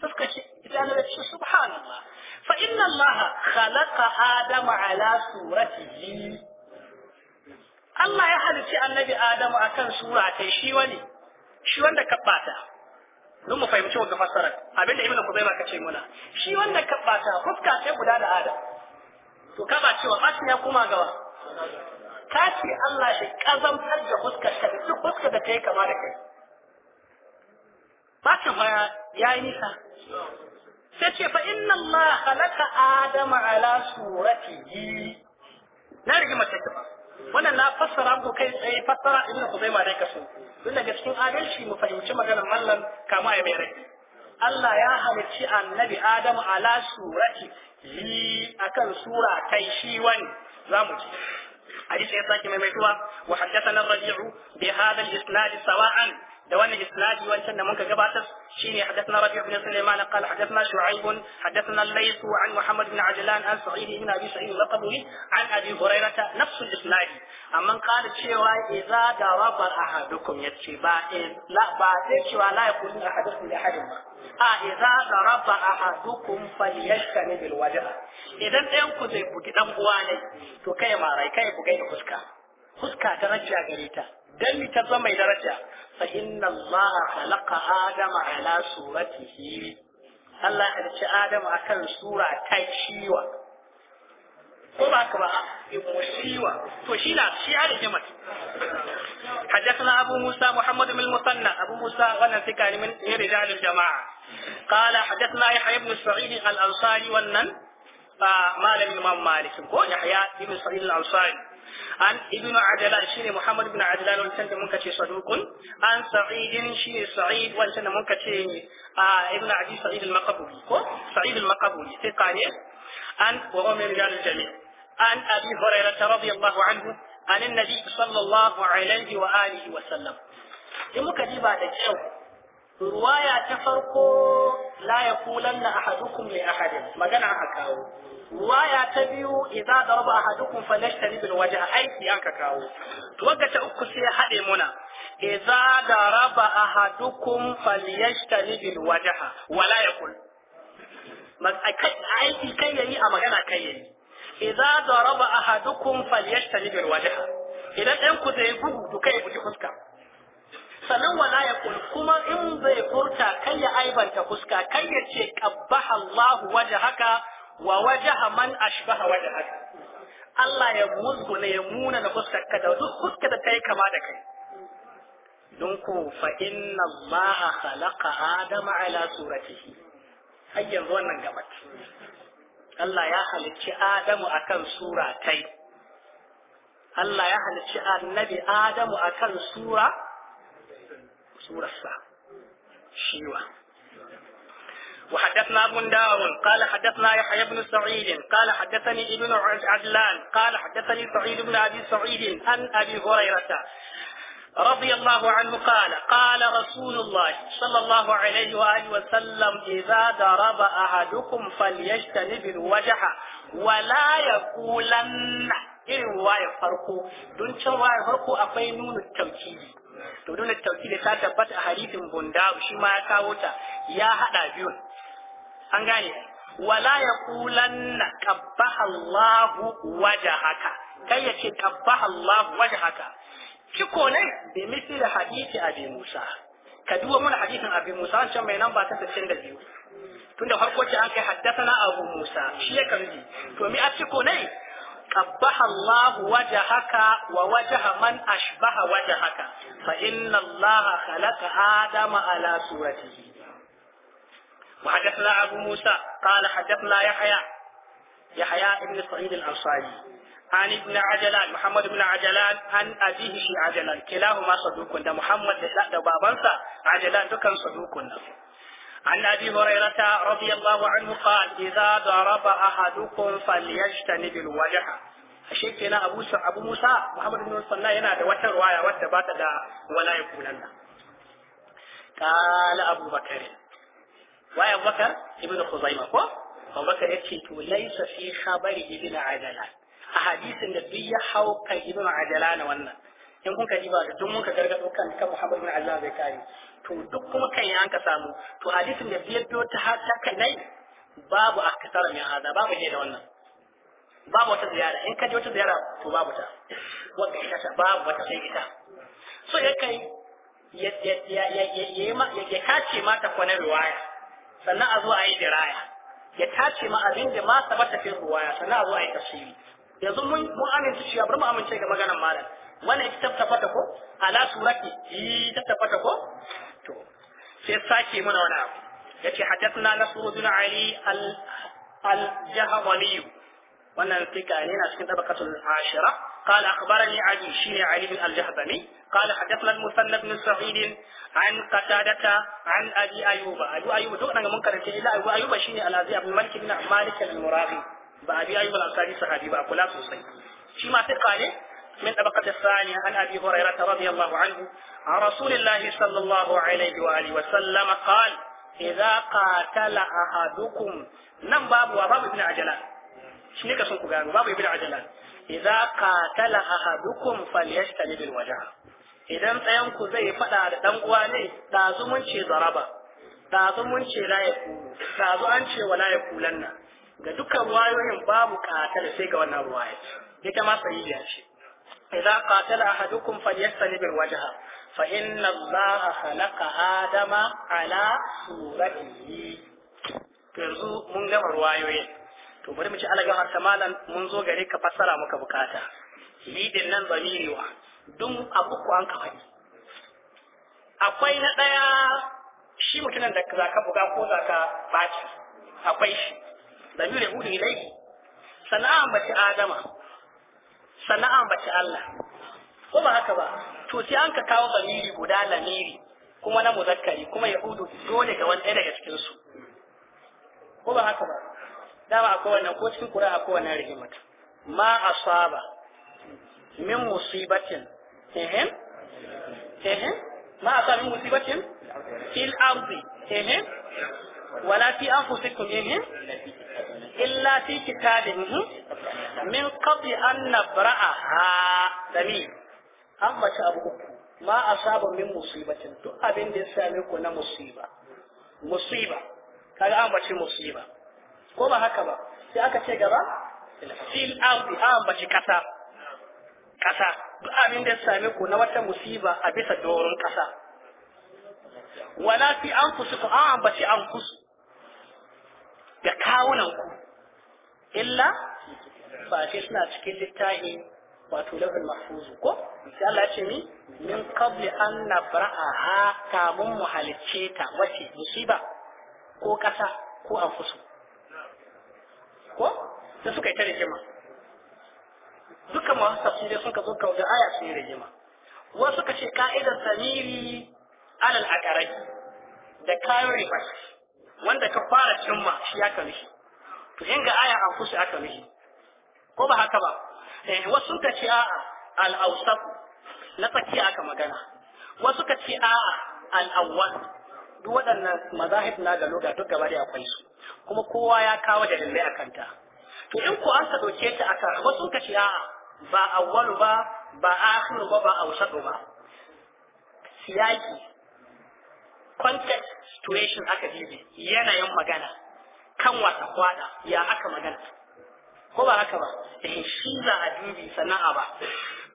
fuskar shi idan da shi subhanallah fa inna Allah khalaqa adama ala suratihi Allah ya halicci annabi Adamu akan sura ta shi wani shi wanda ka bata don mu fahimci wanda fassara abinda ibnu kuzaima kace muna shi wannan kabbata fuska ce guda da ada to ka ba cewa bashi ya koma gaba ka ce Allah shi kazantar da fuskar ta duk fuska da kai kama da kai fatin fa ya yi nisa sai ce fa inna Allah khalaqa adama ala suratihi na rigima ta ba wannan na fassara muku kai tsaye fassara ibnu kuzaima dai kaso tun daga cikin adalci mu fahimci maganar mallan kama ya mai rai Allah ya halicci annabi Adam ala surati li akan sura kai shi wani zamu ci hadisi ya sake maimaituwa wa haddathana rabi'u bi hadha al-isnad sawa'an da wannan isnadi wancan da muka gabatar شيني حدثنا ربيع بن سليمان قال حدثنا شعيب حدثنا الليث عن محمد بن عجلان عن سعيد بن ابي سعيد اللقبي عن ابي هريره نفس الاسناد اما قال شيوا اذا جواب احدكم يتشي باين لا باين شيوا لا يقول احدكم لاحد آه، ما إذا ضرب أحدكم فليشتني بالوجه إذا أنت زي بوكي دم بواني تو كاي ماراي كاي بوكي خسكا خسكا ترجع غريتا dan ta mai daraja fa inna allah khalaqa adama ala suratihi allah ya ci adama akan sura ta ciwa ko ba ka ba ibu ciwa to shi na shi ya da حدثنا أبو موسى محمد بن المثنى أبو موسى غنى ثكان من رجال الجماعة قال حدثنا يحيى بن سعيد الأنصاري والنن فمال الإمام مالك هو يحيى بن سعيد الأنصاري عن ابن عدلان شيني محمد بن عدلان وانتنت منكتي صدوق عن سعيد شيني سعيد وانتنت منكتي آه ابن عدي سعيد المقبولي سعيد المقبولي تقالي عن وهو من رجال الجميع عن أبي هريرة رضي الله عنه عن النبي صلى الله عليه وآله وسلم يمكن لي بعد الشوق رواية تفرقوا la yaqulanna ahadukum li ahadin magana a kawo waya ta biyu idza daraba ahadukum falashtani bil A aiki aka kawo wagga ta uku sai hade muna idza daraba ahadukum falyashtani bil waje. wala yaqul aiki kai yayi a magana kai yayi idza daraba ahadukum falyashtani bil waje. idan ɗan ku zai bugu to kai buji fuska sanan wala ya kul kuma in zai furta kai ya aibanta fuska kai ya ce qabbaha Allahu haka wa wajha man ashbaha haka. Allah ya musguna ya muna da fuskar ka da duk fuska da ta yi kama da kai don ku fa inna Allah khalaqa Adama ala suratihi har yanzu wannan gabat Allah ya halicci Adamu akan sura tai Allah ya halicci annabi Adamu akan sura الصعب شيوة وحدثنا بندار قال حدثنا يحيى بن سعيد قال حدثني ابن عدلان قال حدثني سعيد بن ابي سعيد عن ابي هريره رضي الله عنه قال قال رسول الله صلى الله عليه وآله وسلم إذا ضرب أحدكم فليجتنب الوجه ولا يقولن irin wayar farko دون can wayar farko akwai to dole tauhidi ta tabbata a hadisin bunda shi ma ya kawo ta ya hada biyun an gane wala yaqulanna qabbaha Allah wajhaka kai yace qabbaha Allah wajhaka ko ne bi misali hadisi abi Musa ka duba mun hadisin abi Musa can mai namba ta 62 tunda farko ce an kai haddathana abu Musa shi ya kanji to mi a ciko ne قبح الله وجهك ووجه من أشبه وجهك فإن الله خلق آدم على صورته وحدثنا أبو موسى قال حدثنا يحيى يحيى بن سعيد الأنصاري عن ابن عجلان محمد بن عجلان عن أبيه عجلان كلاهما صدوق محمد ده بابنسا عجلان دكان صدوق عن ابي هريره رضي الله عنه قال اذا ضرب احدكم فليجتنب الوجه ashe kenan abu abu musa muhammad bin sallah yana da wata ruwaya wadda ba ta da wala ya kunan nan qala abu bakar wa abu bakar ibnu khuzaimah ko abu bakar yace to laysa fi khabari ibn adala a hadisin da duk ya hau kan ibn adala na wannan in kun ka ji ba da duk mun ka gargado kan kan muhammad bin allah zai kare to duk kuma kan yi an ka samu to hadisin da biyar biyo ta haka nai babu a kasar mai hada babu ne da wannan babu wata ziyara in ka je wata ziyara to babu ta wanda ita ta babu wata sai ita so ya kai ya kace ma kwanar kwana riwaya sannan a zo a yi diraya ya tace ma abin da ma sabata fi ruwaya sannan a zo a yi tafsiri yanzu mun mun amince shi bari mu amince ga maganar malam wannan ita tabbata ko ala surati ita tabbata ko to sai sake mana wani abu yace haddathna nasr bin ali al al jahwami wannan fika ne na cikin tabaqatul ashira قال أخبرني علي شين علي بن الجهضمي قال حدثنا المثنى بن سعيد عن قتادة عن أبي أيوب أبي أيوب دقنا من كرنت إلا أبي أيوب شين الأزي أبو مالك بن مالك المراغي بأبي أيوب الأنصاري صحابي بأقول لا سوسي شي ما تقاله من طبقة الثانية عن أبي هريرة رضي الله عنه عن رسول الله صلى الله عليه وآله وسلم قال إذا قاتل أحدكم نم باب وباب ابن عجلان شنو كسون كوغان باب ابن عجلان إذا قاتل أحدكم فليشتني بالوجع idan ɗayanku zai faɗa da ɗan uwa ne da mun ce zaraba da mun ce la ya kulu da an ce wala ya kulanna ga dukkan wayoyin babu katal sai ga wannan ruwaya ita ma sahihiya ce إذا قاتل أحدكم فليستنب الوجه فإن الله خلق آدم على صورته yanzu mun gama ruwayoyin to bari mu ci alaga har malam mun zo gare ka fassara muka bukata lidin nan zamiriwa dun abu ku an kafa akwai na daya shi mutumin da za ka buga ko za ka baci akwai shi zamiri hudu ilai sana'a mace adama sannan an Allah ko ba haka ba to sai an ka kawo zamiri guda lamiri kuma na muzakkari kuma yahudu dole ga wani daga cikin su ko ba haka ba dama akwai wannan ko cikin qur'a akwai wannan rigimata ma asaba min musibatin ehem ehem ma asaba min musibatin fil ardi ehem wala fi anfusikum ehem illa fi kitabin min qabli an nabra'aha dami an bace abu uku ma asaba min musibatin duk abin da ya same ku na musiba musiba kaga an bace musiba ko ba haka ba sai aka ce gaba fil ardi an bace kasa kasa duk abin da ya same ku na wata musiba a bisa doron kasa wala fi anfusikum an bace anfusikum da kawunanku illa ba ce suna cikin littafin wato lafin mahfuzu ko sai Allah ce ni min qabli an nabra'aha kamun mu halicce ta wace musiba ko kasa ko anfusu ko da suka yi ta rigima dukkan masu tafsirai sun ka zo ka wajen aya su yi rigima wasu suka ce ka'idar samiri alal akarai da kayan ribas wanda ka fara cimma shi ya karshe to in ga aya an kusa aka mishi ko ba haka ba eh wasu ka ce a'a al na tsakiya aka magana wasu ka ce a'a al duk waɗannan mazahib na da loga duk gaba da akwai su kuma kowa ya kawo dalilai a kanta. to in ku an ka dauke ta aka wasu ka ce a'a ba awwalu ba ba akhiru ba ba awsatu ba siyaki context situation aka dibe yanayin magana kan wata kwada ya aka magana ko ba haka ba eh shi za a dubi sana'a ba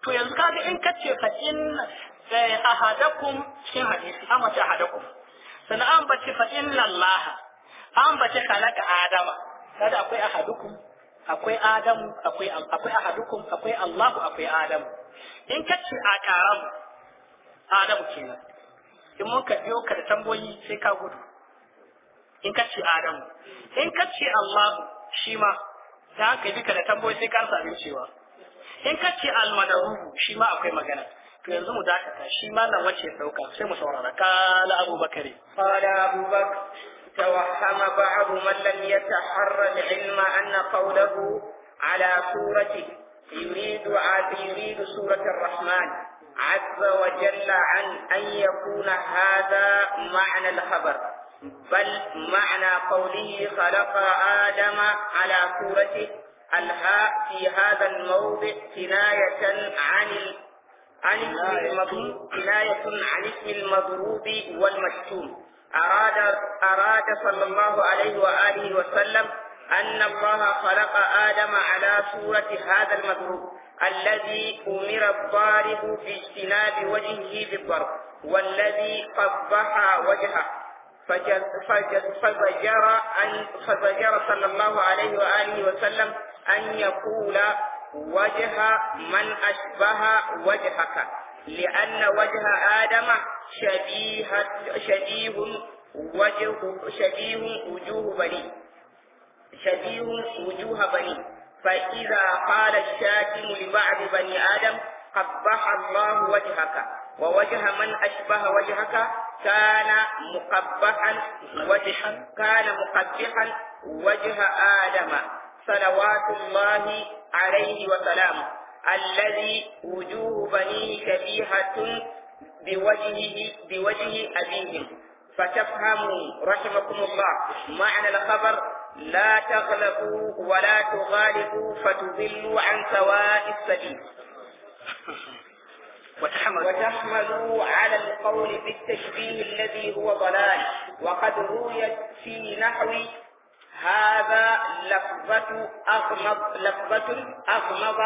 to yanzu kaga in kace fa in eh, ahadakum shi hadisi amma ta ahadakum sana'an bace fa inna allaha an bace kalaka adama kada akwai ahadukum akwai adamu akwai akwai ahadukum akwai allahu akwai adamu in kace akaram adamu kenan in mun ka biyo ka da tamboyi sai ka gudu in kace adamu in ka ce Allah shi ma da haka bi da tamboyi sai ka rasa abin cewa in ka ce almadaru shi ma akwai magana to yanzu mu dakata shi ma nan wace dauka sai mu saurara kala abubakari kala abubakar توهم بعض من لم يتحرى العلم أن قوله على سورته يريد يريد سورة الرحمن عز وجل عن أن يكون هذا معنى الخبر بل معنى قوله خلق آدم على صورته الهاء في هذا الموضع كناية عن عن اسم كناية عن اسم المضروب والمشتوم أراد أراد صلى الله عليه وآله وسلم أن الله خلق آدم على صورة هذا المضروب الذي أمر الضارب باجتناب وجهه بالضرب والذي قبح وجهه فزجر أن فزجر صلى الله عليه وآله وسلم أن يقول وجه من أشبه وجهك لأن وجه آدم شبيه شبيه وجه شبيه وجوه بني شبيه وجوه بني فإذا قال الشاتم لبعض بني آدم قبح الله وجهك ووجه من أشبه وجهك كان مقبحا وجها كان مقبحا وجه آدم صلوات الله عليه وسلامه الذي وجوه بنيه شبيهة بوجهه بوجه أبيهم فتفهموا رحمكم الله معنى الخبر لا تغلبوا ولا تغالبوا فتضلوا عن سواء السبيل وتحملوا, وتحملوا على القول بالتشبيه الذي هو ضلال وقد رويت في نحو هذا لفظة أغمض لفظة أغمض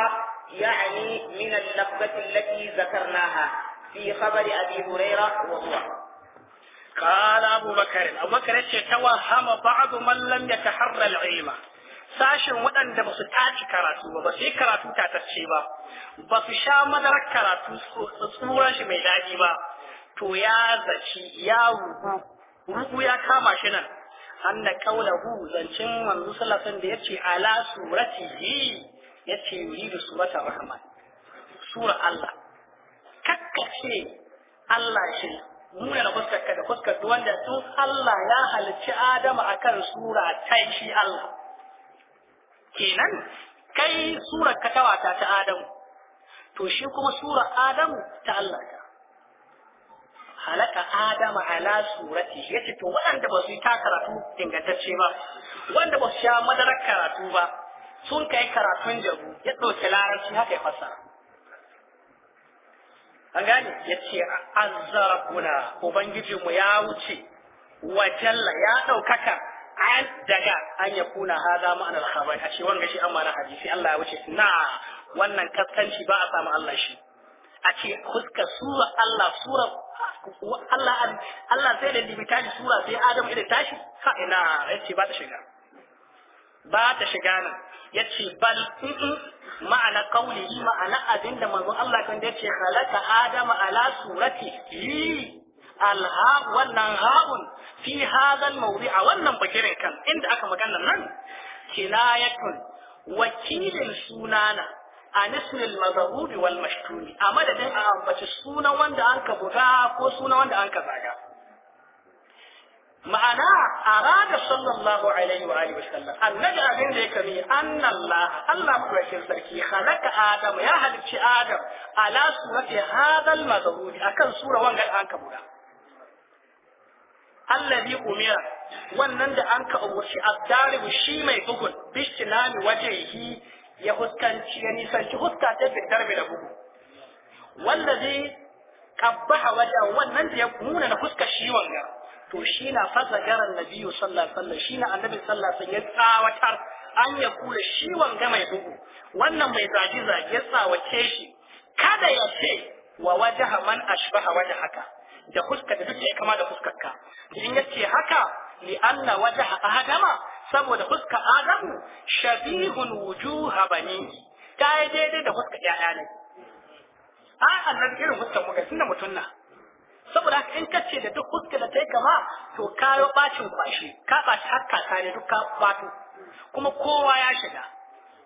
يعني من اللفظة التي ذكرناها في خبر أبي هريرة وهو قال أبو بكر أبو بكر توهم بعض من لم يتحرى العلم sashen waɗanda ba su taci karatu ba ba su yi karatu tatacce ba ba su sha madarar karatu tsuran shi mai daɗi ba to ya zaci ya rubu rubu ya kama shi nan anna hu, zancin manzo sallallahu da yace ala yi yace yuridu surata rahman sura Allah kakkace Allah shi muna da fuskar da fuskar wanda tun Allah ya halicci Adamu akan sura ta shi Allah kenan kai surar ka ta wata ta Adamu to shi kuma surar Adamu ta Allah ta halaka Adama ala surati yace to waɗanda ba su yi ta karatu ingantacce ba wanda ba su sha madarar karatu ba sun kai karatun jabu ya ɗauki larabci haka ya fasa an gane ya ce azzarabuna ubangijinmu ya wuce wajalla ya ɗaukaka an daga an ya kuna haza ma'anar khabari ashe wanga shi an ma'anar hadisi Allah ya wuce na wannan kaskanci ba a samu Allah shi a ce huska sura Allah sura Allah Allah sai da limitaji sura sai Adam idan tashi ha ina yace ba ta shiga ba ta shiga nan ce bal ma'ana qawli ma'ana abinda manzon Allah kan da ce khalaqa adama ala surati alha wannan ha'un fi hadal mawdi a wannan bakirin kan inda aka magana nan kinayatun wakilin sunana a nisril mazharubi wal mashtuni a madadin a ambaci sunan wanda an ka buga ko sunan wanda an ka zaga ma'ana arada sallallahu alaihi wa alihi wasallam annabi abin da yake ni annallaha Allah madaukakin sarki khalaqa adam ya halicci adam ala surati hadal mazharubi akan sura wanda an ka buga allazi umira wannan da an ka umurci abdaribu shi mai bugun bishtinami wajhihi ya huskanci ya nisanci huska ta fitar da bugu wallazi qabbaha wajen wannan da ya muna na huska shi wanga to shi na fasa garan nabiyyu sallallahu alaihi wasallam shi na annabi sallallahu alaihi wasallam ya tsawatar an ya kula shi wanga mai bugu wannan mai zagi zagi ya tsawace shi kada ya ce wa wajaha man ashbaha wajhaka da fuskar da take kama da fuskar ka in yace haka li anna wajha adama saboda fuskar adamu shabihun wujuha bani ta yi daidai da fuskar yaya ne a annabi irin fuskar muka tunda mutun na saboda haka in ce da duk fuskar da ta yi kama to ka kayo bacin kwashi ka baci hakka ka ne duk ka bato kuma kowa ya shiga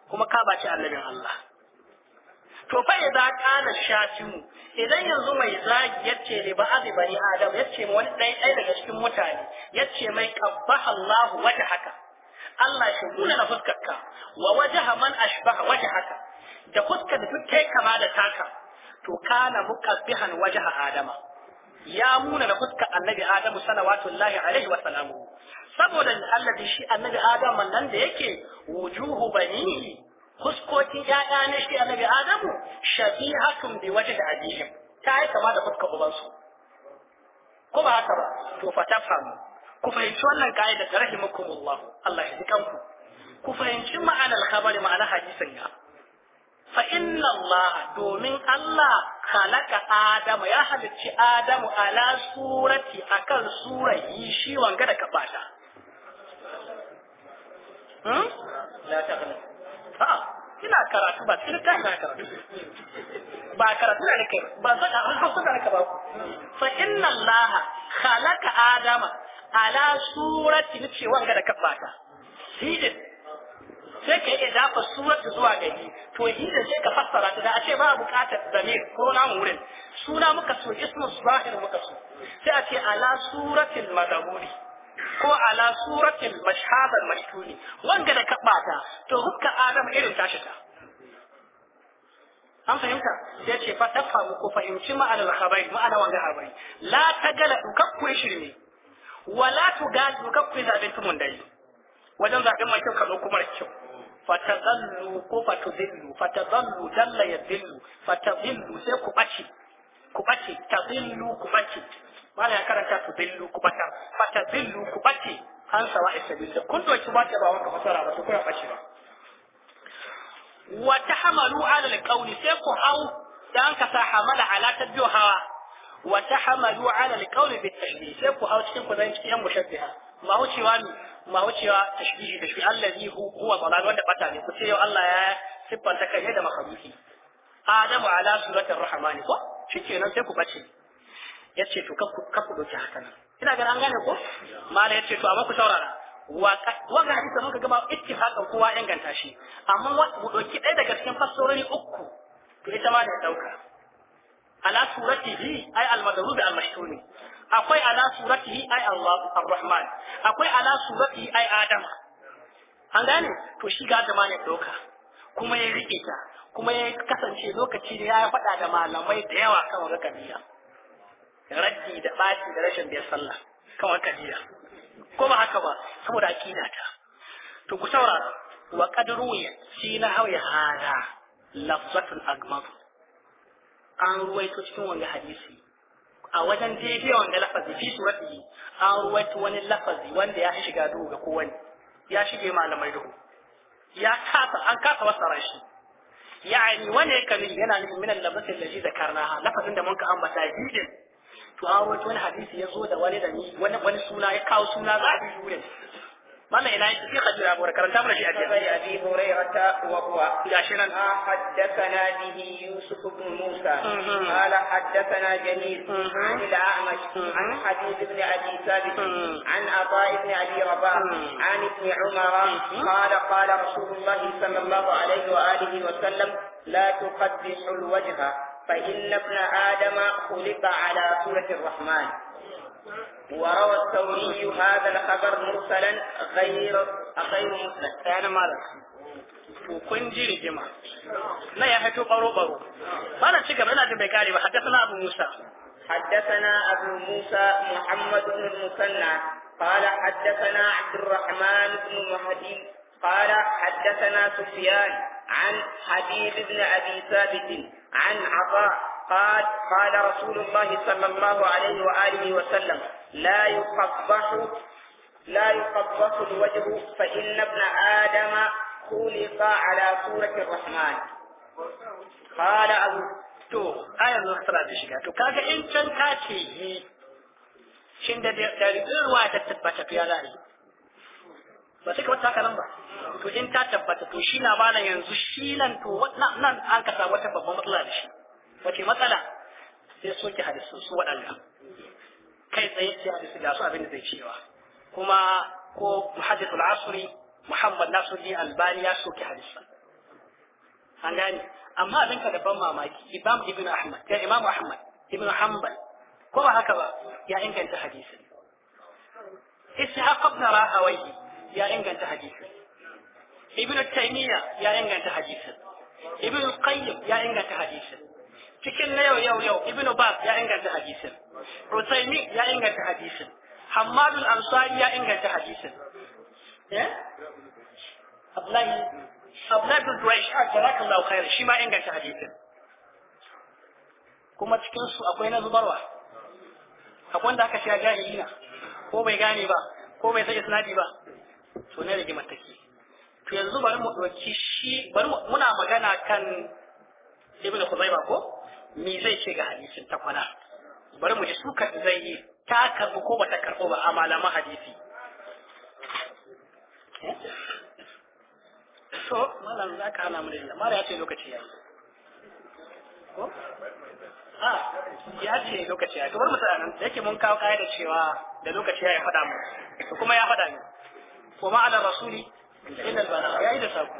kuma ka baci annabin Allah to fa idza qala shatimu idan yanzu mai zagi yace li ba'd bani adam yace ma wani dai dai daga cikin mutane yace mai qabbaha Allah haka. Allah shi nuna na fuskarka wa wajaha man ashbaha wajhaka da fuskar da duk kai kama da taka to kana mukabbihan wajha adama ya muna na fuskar annabi adamu salawatullahi alaihi wa salamu saboda Allah shi annabi adam nan da yake wujuhu banihi fuskokin ƴaƴa na shi annabi Adamu shabihatun bi wajhi abihim ta yi kama da fuskar ubansu ko ba haka ba to fa tafhamu ku fahimci wannan kayan da rahimakumullah Allah ya kanku ku fahimci ma'anar khabari ma'anar hadisin ga fa inna Allah domin Allah halaka Adamu ya halicci Adamu ala surati akan surar yi shi wanga da kabata hmm la ta Ah, ina karatu ba cikin kai na karatu ba karatu na kai ba zan an hausa da ka ba ku fa inna allaha khalaqa adama ala surati ce wanga da kabbata hidin sai ka yi dafa suratu zuwa gari to hidin sai ka fassara ta da a ce ba bukatar zamir ko namu wurin suna muka so ismu subahir muka so sai a ce ala suratil madhuri ko ala suratin mashhabar mashtuni wanga da ka bata to hukka adam irin tashi ta an fahimta sai ce fa mu ko fahimci ma'anar khabari ma'ana wanga khabari la tagala dukakku shirme wala tugadu dukakku zabe tumun dai wajen zaben mai kyau zo kuma kyau fatadallu ko fatudillu fatadallu dalla yadillu fatadillu sai ku bace ku bace tadillu ku bace mala ya karanta ku billu ku bata fata billu ku bace an sawa isabil da kun doki ba ta ba wanka fasara ba ku ya bace ba wa tahamalu ala alqawl sai ku hau dan ka sa hamala ala tabbiyo hawa wa tahamalu ala alqawl bit tahdid sai ku hau cikin ku zan cikin yan mushabbiha ma hucewa ni ma hucewa tashbihi tashbihi allazi huwa dalal wanda bata ne ku ce yau Allah ya siffanta kai da makhluki Adamu ala suratul rahmani ko shikenan sai ku bace ya ce to kakku doki haka nan ina ga an gane ko malai ya ce to amma ku saurara wanda hadisa muka gama ittifaqan kowa inganta shi amma mu doki ɗaya daga cikin fassarori uku to ita ma da dauka ala suratihi ai al-madrubi al-mashtuni akwai ala suratihi ai Allah ar-Rahman akwai ala suratihi ai Adam an gane to shi ga da ne doka kuma ya rike ta kuma ya kasance lokaci da ya faɗa da malamai da yawa kan wannan kabila raddi da ɓaci da rashin biyar sallah kamar kadira ko ba haka ba saboda akida ta to ku saura wa ya shi na hawaye hada lafzatul agmar an ruwaito cikin wani hadisi a wajen daidai wanda lafazi fi surati an ruwaito wani lafazi wanda ya shiga duhu ga kowani ya shige malamai duhu ya kasa an kasa wasara shi ya'ani wani kamil yana nufin minan lafazin da shi zakarna lafazin da mun ka ambata jidin to an rawaito wani hadisi ya zo da wani da ni wani wani suna ya kawo suna za a bi wurin mana ina yake sai hajjira bura karanta mana shi ajiya sai abi hurairata wa huwa gashi nan haddathana bihi yusuf ibn musa mm-hmm. qala haddathana jamil mm-hmm. an al-a'mash an mm-hmm. hadith ibn abi thabit an ata ibn abi rabah an ibn umara qala qala rasulullah sallallahu alaihi wa alihi wa sallam la tuqaddisu al-wajha فإن ابن آدم خلق على سورة الرحمن وروى الثوري هذا الخبر مرسلا غير غير مسلم كان ماذا؟ وكن جيري جماعة لا يحكي قرو قرو فأنا شكرا لا تبكاري حدثنا أبو موسى حدثنا أبو موسى محمد بن المثنى قال حدثنا عبد الرحمن بن مهدي قال حدثنا سفيان عن حبيب بن أبي ثابت عن عطاء قال قال رسول الله صلى الله عليه وآله وسلم لا يقبح لا يقبح الوجه فإن ابن آدم خلق على صورة الرحمن قال أبو تو a من tana da shiga to kaga in can ka ce yi shin يا da ruwa ta tabbata to to in ta tabbata to shi na malam yanzu shi nan to nan an ka samu wata babban matsala da shi wace matsala sai soke hadisu su waɗanda kai tsaye ce hadisu ga su abin da zai cewa kuma ko muhaddithul asri muhammad nasiruddin albani ya soke hadisu an gane amma abin ka da ban mamaki imam ibn ahmad ya imam ahmad ibn hanbal ko ba haka ba ya inganta hadisin ishaq ibn rahawai ya inganta hadisin ibn taymiya ya inganta hadisin ibn qayyim ya inganta hadisin cikin na yau yau yau ibn bas ya inganta hadisin usaymi ya inganta hadisin hammad al-ansari ya inganta hadisin eh abdullahi abdullahi bin duwaish jazakallahu khair shi ma inganta hadisin kuma cikin su akwai na zubarwa akwai wanda aka shiga jahili na ko bai gane ba ko bai sai isnadi ba to ne rigimar take to yanzu bari mu ɗauki shi bari muna magana kan ibn Khuzaima ko me zai ce ga hadisin ta kwana bari mu ji kan zai yi ta karbu ko ba ta karbu ba a malaman hadisi so malam za ka hana mun da mara ya ce lokaci ya ko a ya ce lokaci ya to bari mu tsaya nan yake mun kawo kai da cewa da lokaci ya ya faɗa mu kuma ya faɗa ni kuma ala rasuli inna ya yi da sako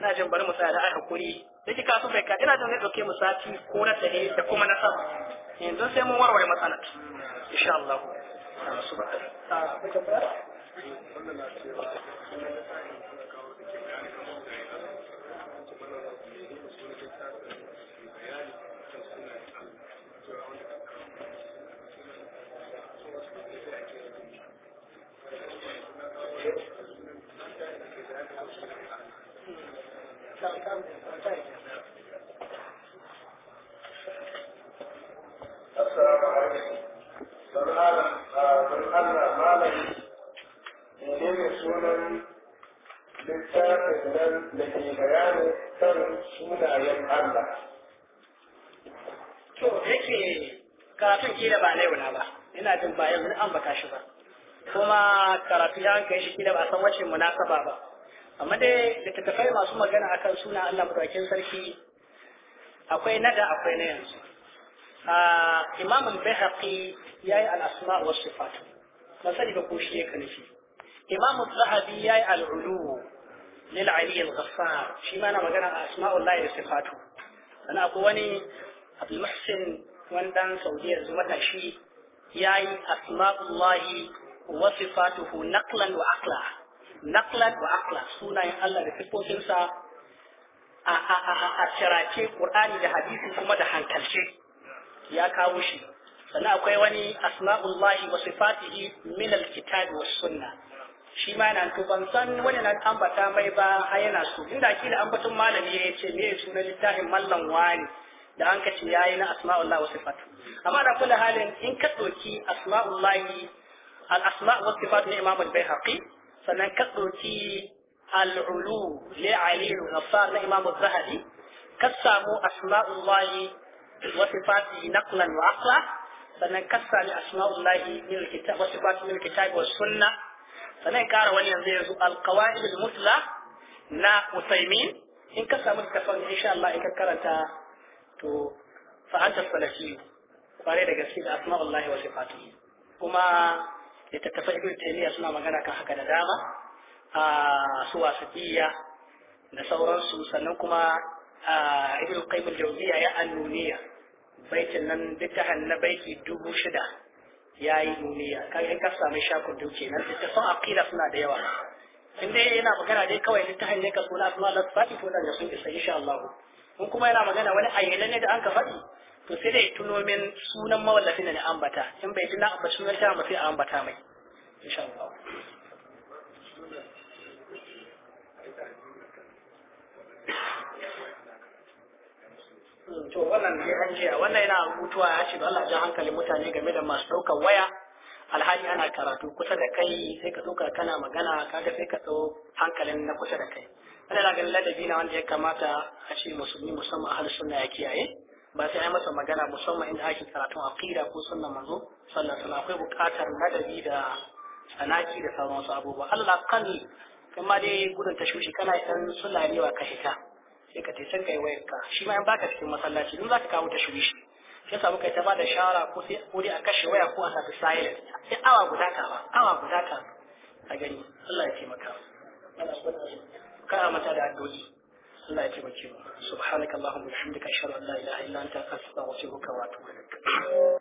ina jin bari mu sa da ai hakuri da ka so mai ka ina jin zai dauke mu sati ko na tare da kuma na sama yanzu sai mun warware matsalar insha Allah subhanahu wa ta'ala karatun ba yanzu ambata shi ba kuma karatu ya kai shi kila ba san wacce munasaba ba amma dai littattafai masu magana akan suna Allah madaukakin sarki akwai na da akwai na yanzu Imam al-Baihaqi yayi al-asma wa sifat ba sani ba ko shi yake nufi Imam al-Zahabi yayi al-ulu lil Ali al-Ghaffar shi ma na magana a asma'ullahi da sifatu sannan akwai wani Abdul Muhsin wani dan Saudiya zuma shi yayi asma'ullahi wa sifatuhu naqlan wa aqla naqlan wa aqla sunayen Allah da sifofinsa a a a sharace Qur'ani da hadisi kuma da hankalce ya kawo shi sannan akwai wani asma'ullahi wa sifatihi min alkitab wa sunna shi ma yana to ban san wani na ambata mai ba har yana so inda kila ambatun malami ya ce me sunan littafin mallan wani da an kace yi na asma'ullah wa sifatu amma da kullu halin in ka doki asma'ullah al asma' wa sifatu na imam al-baihaqi sannan ka doki al-ulu li ali al-ghaffar na imam az-zahabi ka samu asma'ullah wa sifatu naqlan wa aqla sannan ka sami asma'ullah min al-kitab wa sifatu min al-kitab wa sunnah sannan kara wani yanzu yanzu al-qawaid al-mutla na Usaimin in ka samu ka san insha Allah in ka karanta to fa anta salafi kware da gaske da asma asma'ullahi wa sifatu kuma littattafan ibn taymiya suna magana kan haka da dama a su wasatiyya da sauransu sannan kuma ibn qayyim al jawziya ya annuniya baitin nan dukkan na baiti dubu shida ya yi nuniya kaga in ka samu shakun duke nan littattafan aqila suna da yawa in dai yana magana dai kawai littafin ne ka suna asma'ullahi wa sifatuhu ko da sun isa insha Allah in kuma yana magana wani ayyana ne da an ka faɗi to sai dai tuno min sunan mawallafin da na ambata in bai tuna ba sunan ta ba sai a ambata mai insha Allah to wannan ne an jiya wannan yana mutuwa ya ce Allah ya hankali mutane game da masu ɗaukar waya alhali ana karatu kusa da kai sai ka ɗauka kana magana kaga sai ka tso hankalin na kusa da kai ana da ganin ladabi na wanda ya kamata a ce musulmi musamman ahal sunna ya kiyaye ba sai ai masa magana musamman inda ake karatun aqida ko sunnan manzo sallallahu alaihi akwai buƙatar ladabi da tsanaki da sauran wasu abubuwa Allah kan kuma dai gudun tashwishi kana idan sulanewa ka hita sai ka tace kai ka. shi ma in baka cikin masallaci in zaka kawo tashwishi sai samu kai ta ba da shara ko sai ko dai a kashe waya ko a sa silent sai awa guda ka ba awa guda ka a gani Allah ya taimaka Allah ya kana mata da addu'o'i Allah ya taimake mu subhanakallahumma wa bihamdika ashhadu an la ilaha illa anta astaghfiruka wa atubu ilaik